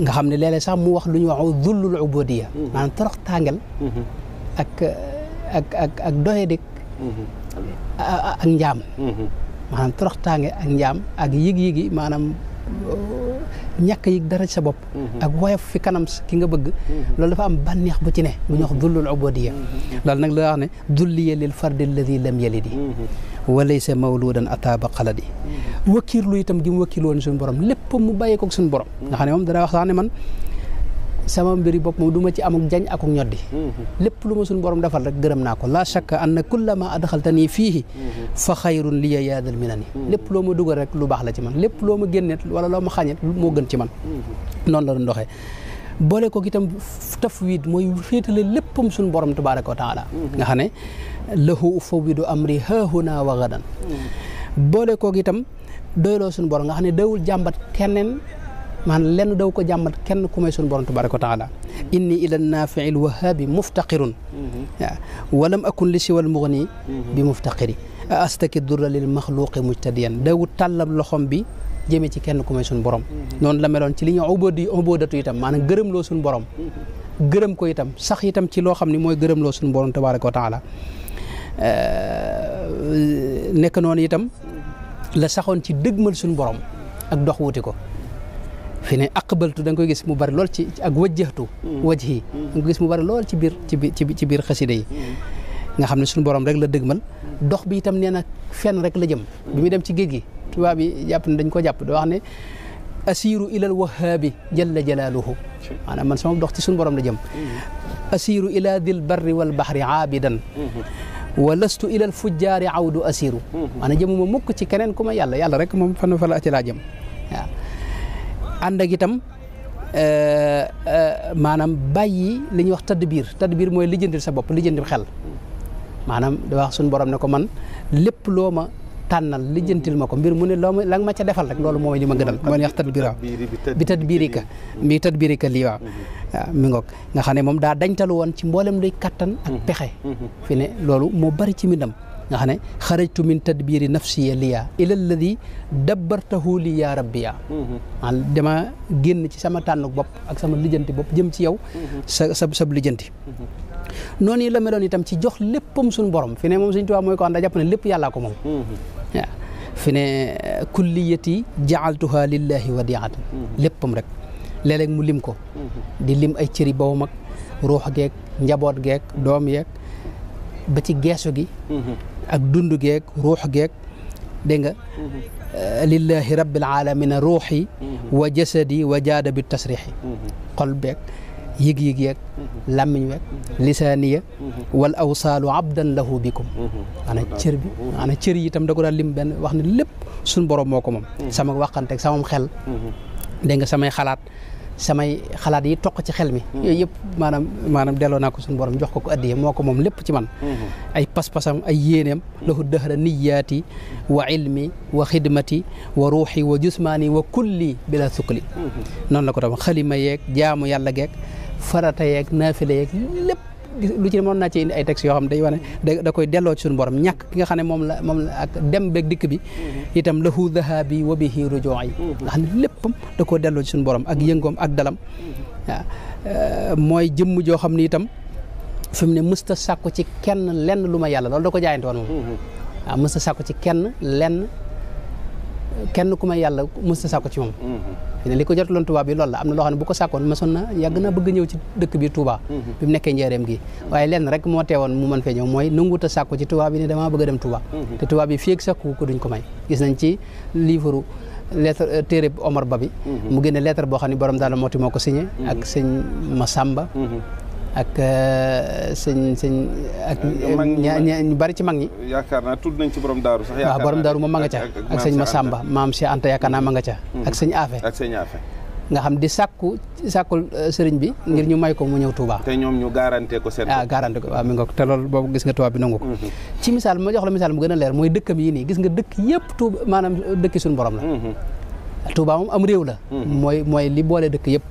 nga xam ne léeg-léeg sax mu wax lu ñuy wax dullul ubudiyya maanaam torox tàngal ak ak ak ak doye dëkk mhm. ak njaam mhm. maanaam torox tànge ak njaam ak yëg-yëgi maanaam Euh, ñàkk yi dara ci sa bopp mhm. ak woyof fi kanam ki nga bëgg mhm. loolu dafa am bànneex bu ci ne bu ñu wax mhm. dullul ubudiyya loolu nag la wax ne dulliya lil fardi alladi lam yalid yi walaysa mawludan ataaba xaladi wakiirlu itam gi mu wakiilu woon suñu borom lépp mu bàyyi ko suñu borom nga moom dara wax sax ne man sama mbiri bopp moom du ma ci am ak jañ ak ñoddi mhm. lépp lu ma suñu borom defal rek gërëm naa ko la shakka anna kullama adxaltani fiihi mhm. fa xayrun liya yaadal minani mhm. lépp loo ma dugal rek lu baax la ci man lépp loo ma génnet wala loo ma xañet moo gën ci man noonu la doon doxee boole ko itam tafwiid mooy féetale léppam suñu borom tabaaraka wa taala nga xam ne lahu ufawwidu amri haahuna wa gadan boole ko itam doyloo suñu borom nga xam ne dawul jàmbat maanaam lenn daw ko jàmmat kenn ku may suñu borom tabaraka wa taala inni ila naafiil wahaabi muftaqirun mhm. waaw walam akun li siwal mugni mhm. bi muftaqiri astaki durra lil maxluqi mujtadiyan dawu tàllab loxom bi jëme ci kenn ku may borom mhm. noonu la meloon ci li ñu ubudi ubudatu itam maanaam gërëm loo suñu borom gërëm ko itam sax itam ci loo xam ne mooy gërëm loo suñu borom tabaraka wa taala nekk noonu itam la saxoon ci dëgmal suñu borom ak dox wuti ko fi ne aqbaltu da nga gis mu bari lool ci ak wajjahtu mm. Mm. gis mu bari lool ci biir ci biir ci biir xasida yi mm. nga xam ne suñu borom rek la dëgmal dox bi itam nee na fenn rek la jem bi muy dem ci géej gi tubaab bi jàpp ne dañ ko jàpp da wax ne asiru ilal wahaabi jalla jalaaluhu maanaam man sama dox ci suñu borom la jëm asiru ila dil barri wal bahri aabidan mm-hmm. wa lastu ilal fujjaari awdu asiru mm-hmm. maanaam jëmuma mukk ci keneen ku ma yàlla yàlla rek moom fan fa la ci laa ànd ak itam euh, euh, maanaam yi li ñuy wax tëdd biir tëdd biir mooy lijjantil sa bopp lijjantil xel maanaam da wax suñu borom ne ko man lépp loo ma tànnal lijjantil ma ko mbir mu ne loo ma la ma ca defal rek loolu mooy li ma gënal mooy li wax tëdd biir bi tëdd biirika bi tëdd biirika lii waaw mm-hmm. ah, mi ngoog nga xam ne moom daa dañtalu woon ci mboolem luy kattan ak mm-hmm. pexe mm-hmm. fi loolu moo bari ci mindam nga xam ne xarajtu min tadbiri nafsiya liya ila alladi dabbartahu li ya rabbiya mm-hmm. a dama génn ci sama tànnuk bopp ak sama lijjanti bopp jëm ci yow mm-hmm. sa sa sab lijjanti mm-hmm. noonu la meloon itam ci jox léppam suñu borom fi ne moom Sëñ Tuubaa mooy ko xam daa jàpp ne lépp yàllaa ko moom waaw fi ne kulliyati jaaltuha lillahi wadiatan léppam rek léeg mu lim ko di lim ay cëri bawam ruux geeg njaboot geeg doom yeeg ba ci geesu gi ak dund geeg ruux geeg dégg nga mm-hmm. lillahi rabbil alamina ruuxi mm-hmm. wa jasadi wa jaada bi tasrixi mm-hmm. xol beeg yëg-yëg yeeg làmmiñ lisaaniya wal awsaalu abdan lahu bikum ana cër yi tam da ko daal lim benn wax ne lépp suñ borom moo ko moom sama waxanteeg samam xel dégg samay xalaat samay xalaat yi toq ci xel mi hmm. yooyu yëpp maanaam maanaam delloo naa ko suñu borom jox ko ko addiyee moo ko moom lépp ci man hmm. ay pas-pasam ay yéeneem lahu dahra niyaati wa ilmi wa xidmati wa ruuxi wa jusmaani wa kulli bila sukkali hmm. noonu la ko tam xalima yeeg jaamu yàlla geeg farata yeeg naafila yeeg lépp lu ci mën naa ci indi ay tex yoo xam day wane da koy delloo ci suñu borom ñàkk ki nga xam ne moom la moom la ak dem beeg dikk bi mm-hmm. itam lahu dhahabi wa bi ruju'i mm-hmm. nga xam ne léppam da koo delloo ci suñu borom ak yëngoom ak dalam mm-hmm. waaw euh, mooy jëmm joo xam ne itam fi ne mësta sàkku ci kenn lenn lu ma yàlla loolu da ko jaayantoon moom waaw ci kenn lenn kenn ku may yàlla mës a sàkku ci moom mm-hmm. ne li ko jotaloon Touba bi loolu la am na loo xam ne bu ko sàkkoon mësoon na yàgg ñëw ci dëkk bi Touba mm-hmm. bi mu nekkee njëreem gi waaye lenn rek moo teewoon mu mën fee ñëw mooy nanguut a sàkku ci Touba bi ne damaa a dem Touba mm-hmm. te Touba bi fii ak sàkku ko duñ ko may gis nañ ci livre lettre euh, téere Ba bi mu génne lettre boo xam ne borom daal mooti moo a signé ak sëñ Massamba ak euh, sëñ sëñ ak ñu bari ci mag ñi yaakaar naa tudd nañ ci borom daaru sax borom daaru moom ma nga ca ak sëñ Masamba maam Cheikh Anta yaakaar naa ma nga ca mhm. ak sëñ Afe ak sëñ nga xam di sàkku sàkkul euh, sëriñ bi ngir ñu may ko mu ñëw Touba te ñoom ñu garanté ko seen ah garanté ko waaw mi nga ko te loolu boobu gis nga tubaab bi nangu ko mhm. ci misaal ma jox la misaal mu gën a leer mooy dëkkam yi nii gis nga dëkk yëpp Touba maanaam euh, dëkki suñu borom la mhm. Touba moom am réew la mooy mooy li boole dëkk yëpp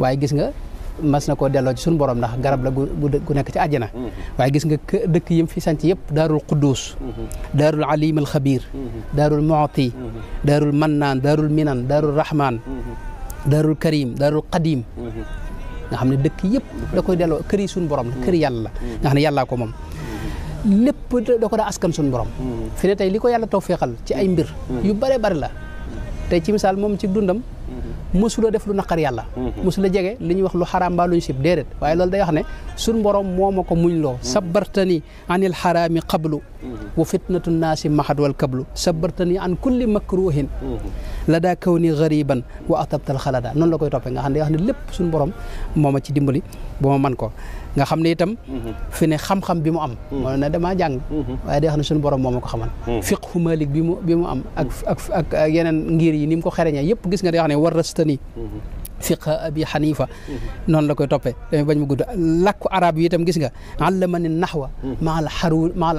waaye gis nga mas na koo delloo ci suñu borom ndax garab la gu nekk ci àjjana mm-hmm. waaye gis nga dëkk yim fi sanc yëpp daarul quddus mm-hmm. daarul alim al xabir mm-hmm. daarul muati daarul mannaan daarul minan daarul rahman daarul karim daarul qadim nga xam ne dëkk yëpp da koy delloo kër yi suñu kër yàlla nga xam ne yàllaa ko moom lépp da ko daa askan suñu borom fi ne li ko yàlla tawféexal ci ay mbir yu bare bari la tey ci misaal moom ci dundam mësula def lu naqar yàlla mhm. mësula jege li ñu wax lu xaraam mbaa lu ñu sib déedéet waaye loolu day wax ne suñ borom moom ma ko muñ loo mhm. sabartani anil xaraami qablu mhm. wa fitnatu nnaasi mahad wal kablu sabartani an kulli makruhin la daa kaw ni gariban wa atabtal xalada noonu la koy toppe nga xam ne day wax lépp suñ borom moom a ci dimbali ba ma man ko nga xam ne itam mhm. fi ne xam-xam bi mu am mhm. moo ne damaa jàng mhm. waaye day xam ne suñu borom moo ma ko xamal fiqhu malik bi am ak ak ngir yi ni mu ko xereñee yëpp gis nga day xam ne war rastani fiqa abi xanifa noonu la koy toppee damay bañ mu gudd làkku arab yi itam gis nga allama ni naxwa maal xaru maal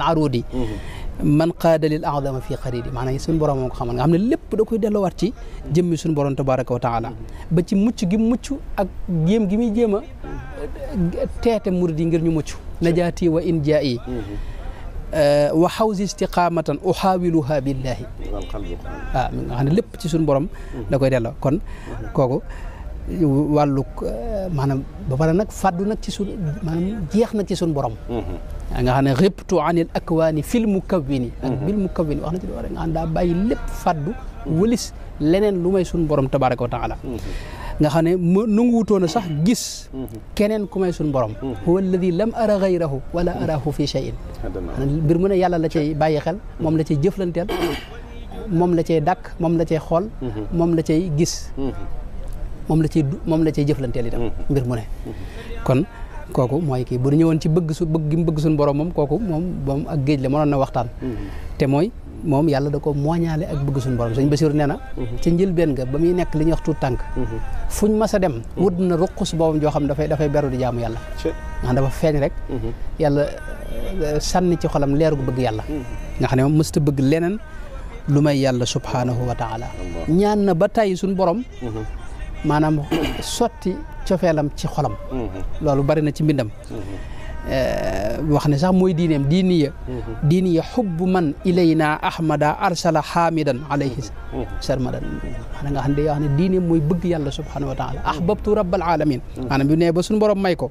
man qaada lil aadama fii xaridi maanaam suñu borom moo ko xamal nga xam ne lépp da koy delloowaat ci jëmmi suñu borom tabaraka wa taala ba ci mucc gi mucc ak jéem gi muy jéem a teete murid yi ngir ñu mucc najaati wa in jaa yi wa xawsi istiqaamatan uxaawiluha billahi waaw mi ah, nga xam lépp ci suñu borom da kon kooku wàllug eh, maanaam ba pare nag fàddu nag ci sun maanaam jeex na ci sun borom mm-hmm. nga xam ne ribtu anil akwaani fil mukawwini mm-hmm. ak bil mukawwini wax na ci doore nga xam daa bàyyi lépp fàddu wëlis leneen lu may sun borom tabaraka wa mm-hmm. nga xam ne ma nanguwutoon sax gis keneen ku may suñu borom huwa alladi lam ara gayrahu wala arahu fi cheyin mbir mu ne yàlla la cay bàyyi xel moom la cay jëflanteel moom la cay dàkk moom la cay xool moom la cay gis moom la ciy moom la ciy jëflanteel itam mm-hmm. mbir mu ne kon kooku mooy kii bu ñëwoon ci bëgg su bëgg gi mu bëgg moom kooku moom moom ak géej la mënoon na waxtaan mm-hmm. te mooy moom yàlla da ko mooñaale ak bëgg suñu borom sëñ Basiru nee na mm-hmm. ci njëlbeen nga ba muy nekk li ñuy wax tuut tànk fuñ mas a dem wut na ruqus boobam joo xam dafay dafay beru di jaamu yàlla ndax dafa feeñ rek yàlla eh, sànni ci xolam leer gu bëgg yàlla nga xam ne moom mësta bëgg leneen lu may yàlla subhaanahu wa taala ñaan na maanaam sotti cofeelam ci xolam mm-hmm. loolu bari na ci mbindam mm-hmm. eh, wax ne sax mooy diineem diiniya mm-hmm. diiniya xubbu man ilayna ahmada arsala xaamidan alayhi sarmadan maanaam nga xam diineem mooy bëgg yàlla subhanahu wa taala ahbabtu rabbal alamin maanaam bu nee na suñu may ko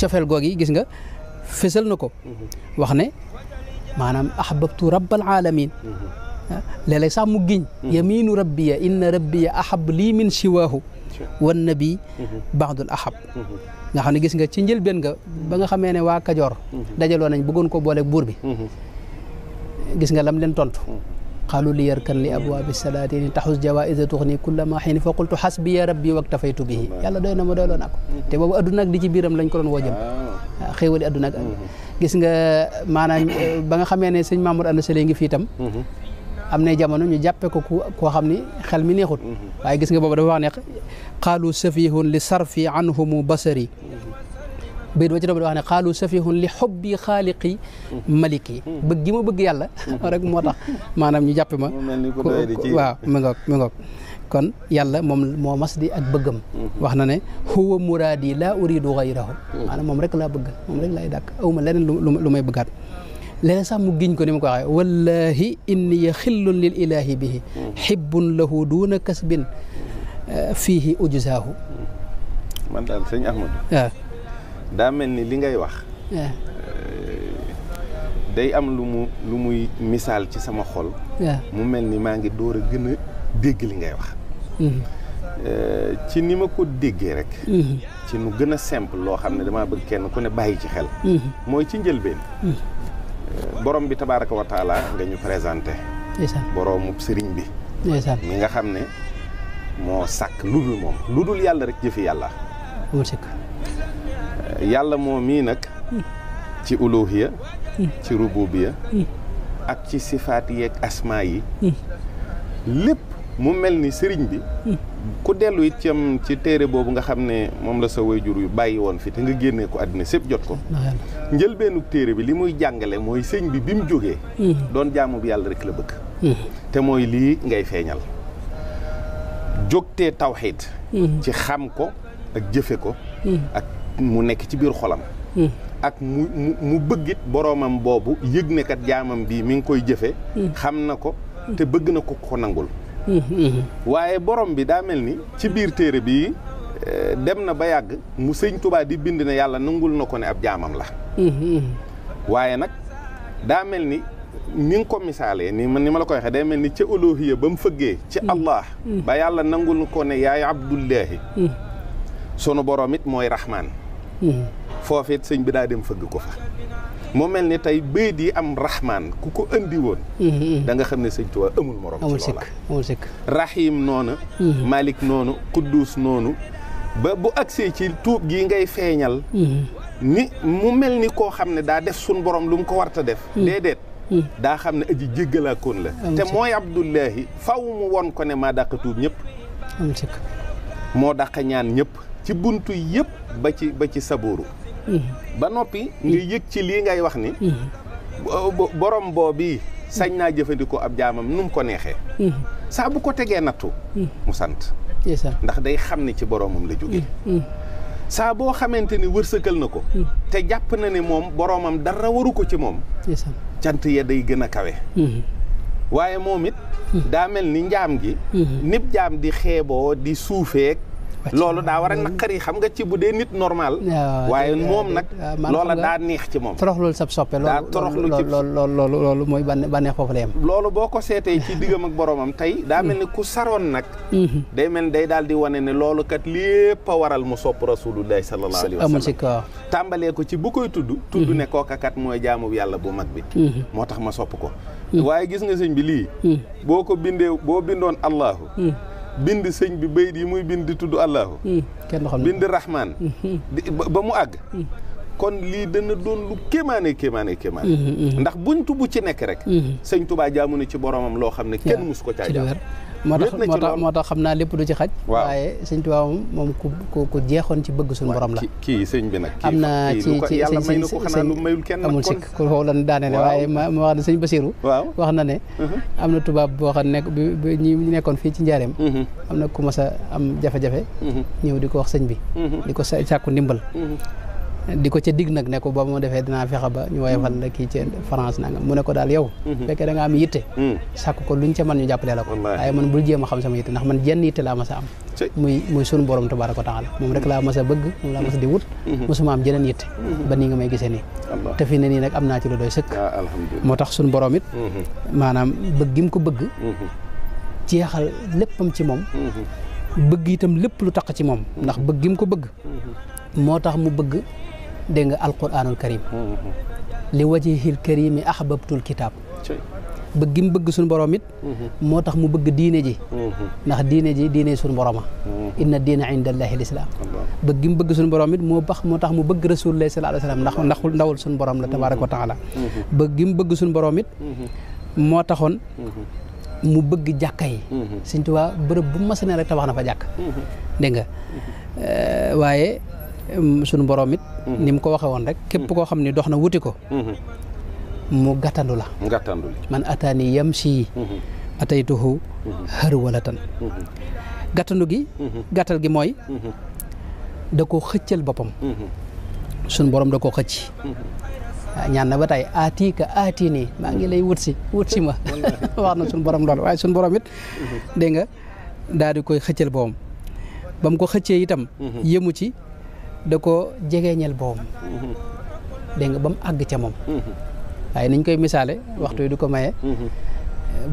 cofeel googi gis nga na ko wax maanaam ahbabtu rabbal alamin léeg-léeg sax mu giñ hmm. yamiinu rabbiya inna rabbiya ahab lii min siwaahu wan nabi hmm. baadul hmm. nga xam ne gis nga ci njëlbéen nga ba nga xamee ne waa Kajoor dajaloo nañ bëggoon ko booleeg buur bi gis nga lam leen tontu qaalu li yarkan li abwaabi salaatini taxus jawaaiza tuxni kulla ma xiin fa qultu xasbiya rabbi waktafaytu bihi yàlla doy na ma doyloo naa ko te boobu adduna ak di ci lañ ko doon woo jëm ah, xéewali gis nga maanaam eh, ba nga ne sëñ Mamour Anta Sali ngi fii itam am na nay jamono ñu jàppe ko ko koo xam ni xel mi neexut mhm. waaye gis nga boobu da wax ne qaalu safihun li sarfi anhumu basari bayit ba ci topp di wax ne xaalu safihun li xobbi xaaliqi mhm. maliki bëgg ma bëgg yàlla mhm. moo tax maanaam ñu jàppe ma waaw mi ngoog mi kon yàlla moom moo mas di ak bëggam wax na ne huwa muraadi laa uridu gayrahu maanaam moom rek laa bëgg moom rek laay dàkk awma leneen lu may bëggaat leneen sax mu giñ ko ni mu ko waxee wallahi inni xillun lil ilahi bihi xibbun lahu duuna kasbin eh, fii ujzaahu man daal sëñ Ahmadu waaw ah. daa mel ni li ngay wax ah. eh, day am lu mu lu muy misaal ci sama xol ah. mu mel ni maa ngi door a gën a dégg li ngay wax mm-hmm. eh, ci ni ma ko déggee rek mm-hmm. ci nu gën a simple loo xam ne damaa bëgg kenn ku ne bàyyi ci xel mm-hmm. mooy ci njëlbeen borom bi tabaaraka wa taala nga ñu présenté. boroomu sëriñ bi. mi nga xam ne moo sàkk lu dul moom lu dul yàlla rek jëfi yàlla. yàlla moo mii nag. Hmm. ci uluhiya hmm. ci rububiya hmm. ak ci sifaat yeeg asmaa yi. lépp. mu mel ni sëriñ bi hmm. ku dellu it ci téere boobu nga xam ne moom la sa wayjur yu bàyyi woon fi te nga génnee ko àddina sépp jot ko njëlbeenu téere bi li muy jàngale mooy sëñ bi bi mu jógee hmm. doon jaamu bi yàlla rek la bëgg hmm. te mooy lii ngay feeñal jógtee tawxiid ci xam ko ak jëfe ko ak mu nekk ci biir xolam ak mu mu bëggit boroomam boobu yëg ne kat jaamam bii mi ngi koy jëfe xam na ko te bëgg na ko ko nangul waaye borom bi daa mel ni ci biir téere bi eh, dem na ba yàgg mu sëñ tubaab di bind na yàlla nangul na ko ne ab jaamam la waaye nag daa mel ni ni nga ko misaalee ni ni ma la ko waxee day mel ni ca olohiya ba mu fëggee ci allah ba yàlla nangul ko ne yaay abdullahi mm-hmm. sunu borom mooy rahmaan mm-hmm. foofu it sëñ bi daa dem fëgg ko fa mu mel ni tey bayit yi am rahmaan ku ko indi woon. danga xam ne sëñ amul morom. amul sëkk amul sëkk rahim noonu. malik noonu quddus noonu. ba bu agsee ci tuub gi ngay feeñal. ni mu mel ni koo xam ne daa def sun borom lu mu ko warta def. déedéet. daa xam ne aji jéggalaakoon la. te mooy Abdullahi faw mu won ko ne maa dàq tuub ñëpp. amul sëkk moo dàq ñaan ñëpp. ci buntu yëpp ba ci ba ba noppi hmm. nga yëg ci lii ngay wax ni hmm. borom boo bii sañ naa jëfandikoo ab jaamam nu mu ko neexee hmm. saa bu ko tegee nattu mu sant ndax day xam ne ci boromam la jóge saa boo xamante ni wërsëgal na ko te jàpp na ne moom boromam dara waru ko ci moom cant ya day gën a kawe waaye moom daa mel ni njaam gi nib jaam di xeeboo di suufeek loolu daa war a naqari xam nga ci bu dee nit normal. waaye moom nag. loola daa neex ci moom. toroxlul sab soppe daa toroxlu ci loolu loolu loolu mooy bànneex foofu la yem. loolu boo ko seetee ci diggam ak boromam tey daa mel ni ku saroon nag. Mm-hmm. day mel ni day daal di wane ne loolukat kat lépp a waral mu sopp rasulullahi sallallahu alayhi wa sallam. amul si kaw tàmbalee ko ci bu koy tudd. tudd mm-hmm. ne kooka kat mooy jaamu yàlla bu mag bi. Mm-hmm. moo tax ma sopp ko. waaye gis nga sëñ bi lii. boo ko bind sëñ bi bayit yi muy bind di tudd Allahu. kenn xam bind Rahman. ba mu àgg. kon lii dana doon lu kemaane kéemaane kéemaane ndax buntu bu ci nekk rek. sëñ Touba jaamu na ci boromam loo xam ne kenn mus ko caa jaam moo tax moo tax xam naa lépp du ci xaj waaye sëñ Tuubaa moom moom ku ku ku jeexoon ci bëgg suñu borom la kii sëñ bi nag am na ci ci sëñ amul sikk ku foofu lan daane ne waaye ma ma wax ne sëñ Basiru wax na ne mhm. am na tubaab boo xam ne bi ñi nekkoon fii ci njaareem mhm. am na ku mas a am jafe-jafe mhm. ñëw di ko wax sëñ bi di ko sàkku ndimbal di ko ca dig nag ne ko ba moo defee dina fexe ba ñu woyofal la kii ci France nanga mu ne ko daal yow mhm. fekkee da nga am yitte mhm. sàkk ko luñ ca mën ñu jàppalee la ko waaye man bul a xam sama yitte ndax man jenn yitte laa mas a moom rek a bëgg moom laa mas a di wut mhm. mosuma am jeneen yitte ba nii nga may gisee nii te fi ne nii nag am naa ci lu doy sëkk ah, moo tax sunu borom it maanaam bëgg gi mu ko bëgg jeexal léppam ci moom bëgg itam lépp lu taq ci moom ndax bëgg gi ko bëgg moo tax mu bëgg dégg nga alquranul karim li wajihil karimi ahbabtul kitab bëgg gi mu bëgg suñu borom mhm. moo tax mu bëgg diine ji mhm. ndax diine ji diine suñu boroma mhm. inna diina inda allahi lislaam bëgg gi mu bëgg suñu borom moo bax moo tax mu bëgg rasulullah sallallahu alayhi wasallam ndax ndax ndawul suñu borom la tabaraka wa taala bëgg gi mu bëgg suñu borom moo taxoon mu bëgg jàkka yi Sëñ Tuubaa bërëb bu mas rek tabax na fa jàkk dégg nga eh, sunu borom it. Mhm. ni mu ko waxee woon rek. képp mhm. ko xam ni dox na wuti ko. Mhm. mu gàttandu la. gàttandu la man ataani yam si. ataytuhu xër wala tan gàttandu gi. gàttal gi mooy. da koo xëccal boppam. sunu borom da koo xëcc. ñaan na ba tey aati ka aati nii maa ngi lay wut si ma wax na suñu borom lool waaye suñu borom it nga daal di koy xëccal boom ba ko xëccee itam yëmu ci da ko jegeeñeel boom dégg nga ba mu àgg ca moom waaye niñ koy misaale waxtu yi du ko maye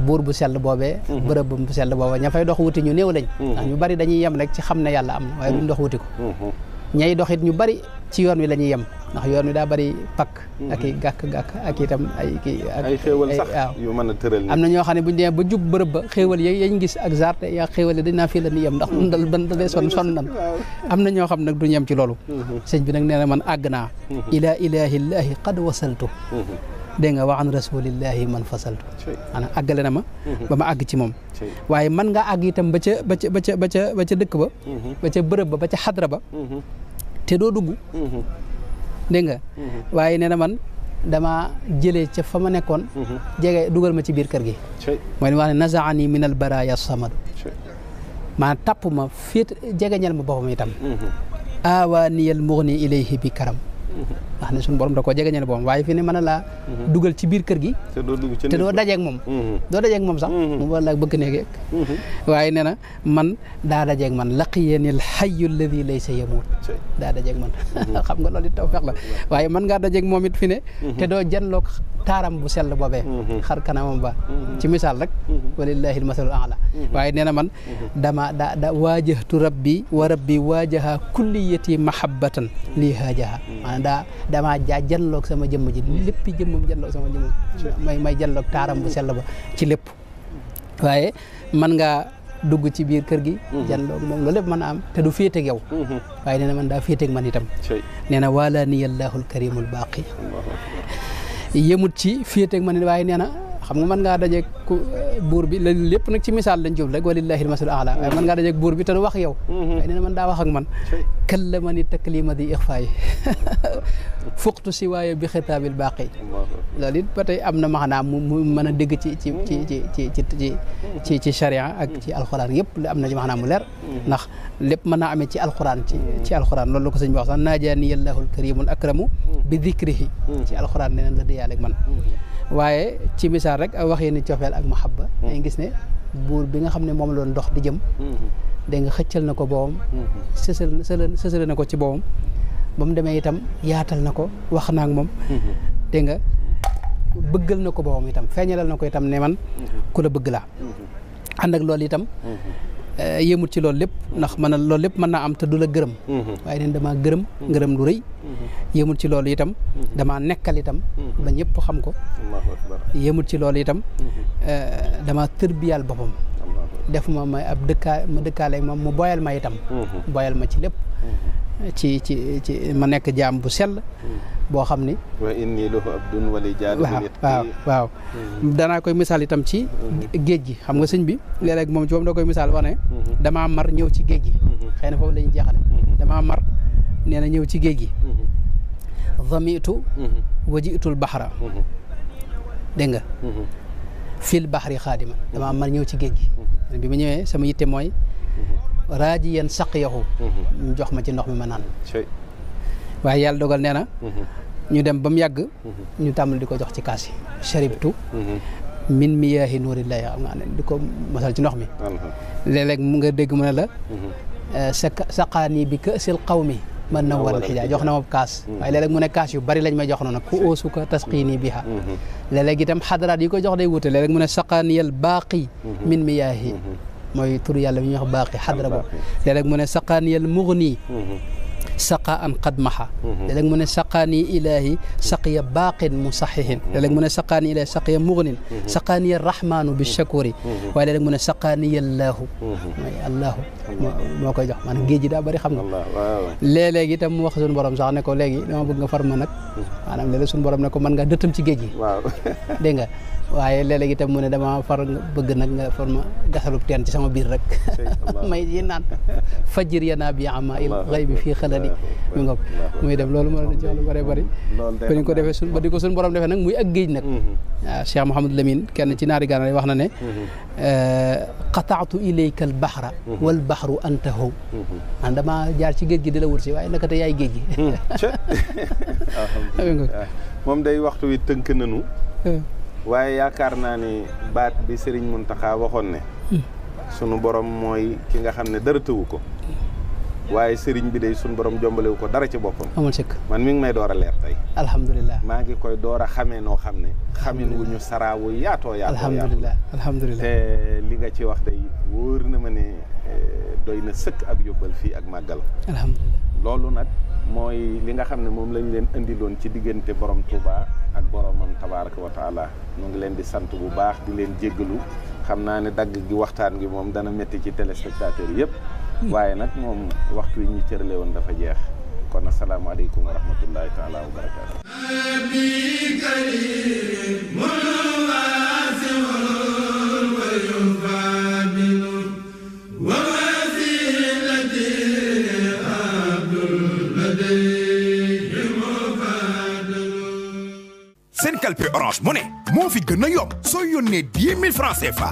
buur bu sell boobee bërëb bu sell boobee ña fay dox wuti ñu néew lañ ndax ñu bari dañuy yem rek ci xam ne yàlla am na waaye duñ dox wuti ko ñay dox ñu bari ci yoon wi la ñuy yem ndax yoon wi daa bari pakk mhm. ak i gàkk-gàkk ak itam ay kii ak ay xéewal sax yu mën a tëral am na ñoo xam bu ñu ba jub bërëb ba xéewal ya yañ gis ak zaarte yaa xéewal yi dañ naa fii la ñuy yem ndax nun dal ban dalee son son nan am na ñoo xam nag duñu yem ci loolu mhm. sëñ bi nag nee na man àgg naa mhm. ilaa ilaahillaahi qad wasaltu dégg nga waxan rasulillahi man fasaltu maanaam àggale na ma ba ma àgg ci moom waaye man nga àgg itam ba ca ba ba ca ba ca dëkk ba ba ca bërëb ba ba ca xadra ba te doo dugg. Mhm. dégg nga. Mhm. waaye nee na man dama jëlee ca fa ma nekkoon. Mhm. jege dugal ma ci biir kër gi. mooy li ma wax ne nazaani minal baraaya samadu. maanaam tapp ma féet jegeñal ma boppam itam. aawaaniyal muxni ilayhi bi karam. ndax ne suñu borom da koo jegeñal boom waaye fi ne mën a laa mhm. dugal ci biir kër gi te doo dajeeg moom mhm. doo dajeeg moom sax mhm. mu war laa bëgg neeg waaye nee na man daa dajeeg man laqiyani alxayu alladi laysa yamuut daa dajeeg man xam nga loolu it taw fex la waaye mën ngaa dajeeg moom it fi ne te doo janloog taaram bu sell boobee xar kanamam ba ci misaal rek walillahi almasalu ala waaye nee na man dama da da waajahtu rabbi wa rabbi waajaha kulliyati mahabbatan lii haajaha a damaa jaa jalloog sama jëmm ji léppi jëmmam jalloog sama jëmm may may jalloog taaram bu sell ba ci lépp waaye mën ngaa dugg ci biir kër gi hmm. jalloog moom loolu lépp mën a am te du féete ak yow hmm. waaye man da féete ak tam itam nee na wala niyallahul karimul baaqi yemut ci féete ak man waaye nee xam nga man ngaa dajeeg ku eh, buur bi lépp nag ci misaal lañ jub rek walillahi almasalu ala waaye hmm. mën ngaa dajeeg buur bi te du wax yow waaye man daa wax ak man kallama ni taklima di ixfaay fuqtu si waaye bi xitaabil baaqi loolu it ba tey am na maanaam mu mën a dégg ci ci ci hmm. ci ci ci ci ci ci charia ak ci hmm. alxuraan yëpp am na ci maanaam mu leer ndax lépp mën naa amee ci alxuraan ci ci alxuraan loolu ko sëñ bi wax sax naajaani yallaahu alkarimul akramu bi dikrihi ci alxuraan nee na la déyaaleeg man waaye ci misaal rek a wax yéen cofeel ak mahabba mm-hmm. dañuy gis ne buur bi nga xam ne moom loon dox di jëm mm-hmm. dégg nga xëccal na ko boobam mm-hmm. sësal sësal na ko ci boobam ba mu demee itam yaatal na ko wax naa ak moom dégg bëggal na ko boobam itam feeñalal na ko itam ne man ku la bëgg laa ànd ak loolu itam Euh, yëmut ci loolu lépp ndax man loolu lépp mën naa am te du la gërëm mhm. waaye neen damaa gërëm mhm. ngërëm lu rëy mhm. yëmut ci loolu itam damaa nekkal itam ba ñëpp xam ko yëmut ci loolu itam euh, damaa tërbiyal boppam def ma may ab ma dëkkaale moom mu boyal ma itam boyal ma ci lépp ci ci ci ma nekk jaam bu sell hmm. boo xam ni wa waaw waaw hmm. danaa koy misaal itam ci hmm. géej gi xam nga sëñ bi léeg moom ci moom da koy misaal wax ne damaa mar ñëw ci géej gi xëy na foofu la ñuy damaa mar nee na ñëw ci géej gi zamitu wajitul baxra dégg nga fil baxri xaadima damaa mar ñëw ci géej gi ma ñëwee sama yitte mooy raajiyan saqiyahu ñu mhm. jox ma ci ndox mi ma naan waaye yàlla dogal nee na mhm. ñu dem ba mu yàgg mhm. ñu tàmbali di ko jox ci kaas yi sharibtu min miyaahi nuurillahi xam nga ne di ko masal ci ndox mi léeg mu nga dégg mu ne la eh, sa saqaanii bi kësil qawmi man na war xija jox na ma kaas waaye léeg mu ne kaas yu bari lañ ma jox noonu ku óosuka tasqiinii bi léeg-léeg itam xadaraat yi ko jox day wute léeg-léeg mu ne saqaaniyal baaqi min miyaahi mooy tur yàlla bi ñuy wax baaqi xadra boobu léeg-léeg mu ne saqaaniyal mughni mm-hmm. saqa an qad maxa mhm. léeg-léeg mu ne saqaani ilaahi saqiya baaqin mu saxihin mhm. léeg-léeg mu ne saqaani ilaahi saqiya mugnin mhm. saqaaniya rahmaanu bi shakuri waaye léeg-léeg mu ne saqaaniya allaahu mooy allaahu moo koy jox maanaam géej gi daa bëri xam nga léeg-léeg itam mu wax suñu borom sax ne ko léegi dama bëgg nga far ma nag maanaam léeg-léeg suñu borom ne ko mën nga dëttam ci géej gi dégg nga waaye léeg-léeg itam mu ne dama far bëgg nag nga far ma gasalub teen ci sama biir rek may yi naan fajir yanaa bi ama il xaybi fii xalali bëri mu ngoog muy dem loolu ma na ci lu bëree bëri dañ ko defee sun ba di ko suñu borom defee nag muy ak géej nag mm-hmm. waaw Cheikh Mouhamadou kenn ci naari gànnaar yi wax na ne mm-hmm. eh, qataatu ilayka al bahra mm-hmm. wal bahru anta how an dama jaar ci géej gi di la wër si waaye naka te yaay géej gi ah, moom day waxtu wi tënk nanu eh. waaye yaakaar naa ne baat bi Serigne Mountakha waxoon ne hmm. sunu borom mooy ki nga xam ne dara tëwu ko waaye sëriñ bi day suñ borom jombalewu ko dara ci boppam amul sikk man mi ngi may door a leer tey alhamdulilah maa ngi koy door a xamee noo xam ne xamin wu ñu saraawu yaatoo yaatoo alhamdulilah alhamdulilah te li nga ci wax day wóor na ma ne e, doy na sëkk ab yóbbal fii ak màggal loolu nag mooy li nga xam ne moom lañ leen indiloon ci diggante borom Touba ak boromam tabaaraka wa taala ñu ngi leen di sant bu baax di leen jéggalu xam naa ne dagg gi waxtaan gi moom dana métti ci téléspectateurs yëpp waaye nag moom waxtu yi ñu cërale woon dafa jeex kon asalaamaaleykum wa rahmatullahi taala wa barakaatu seen kalpe orange money moo fi gën a yomb soo yónnee 10 000 francs CFA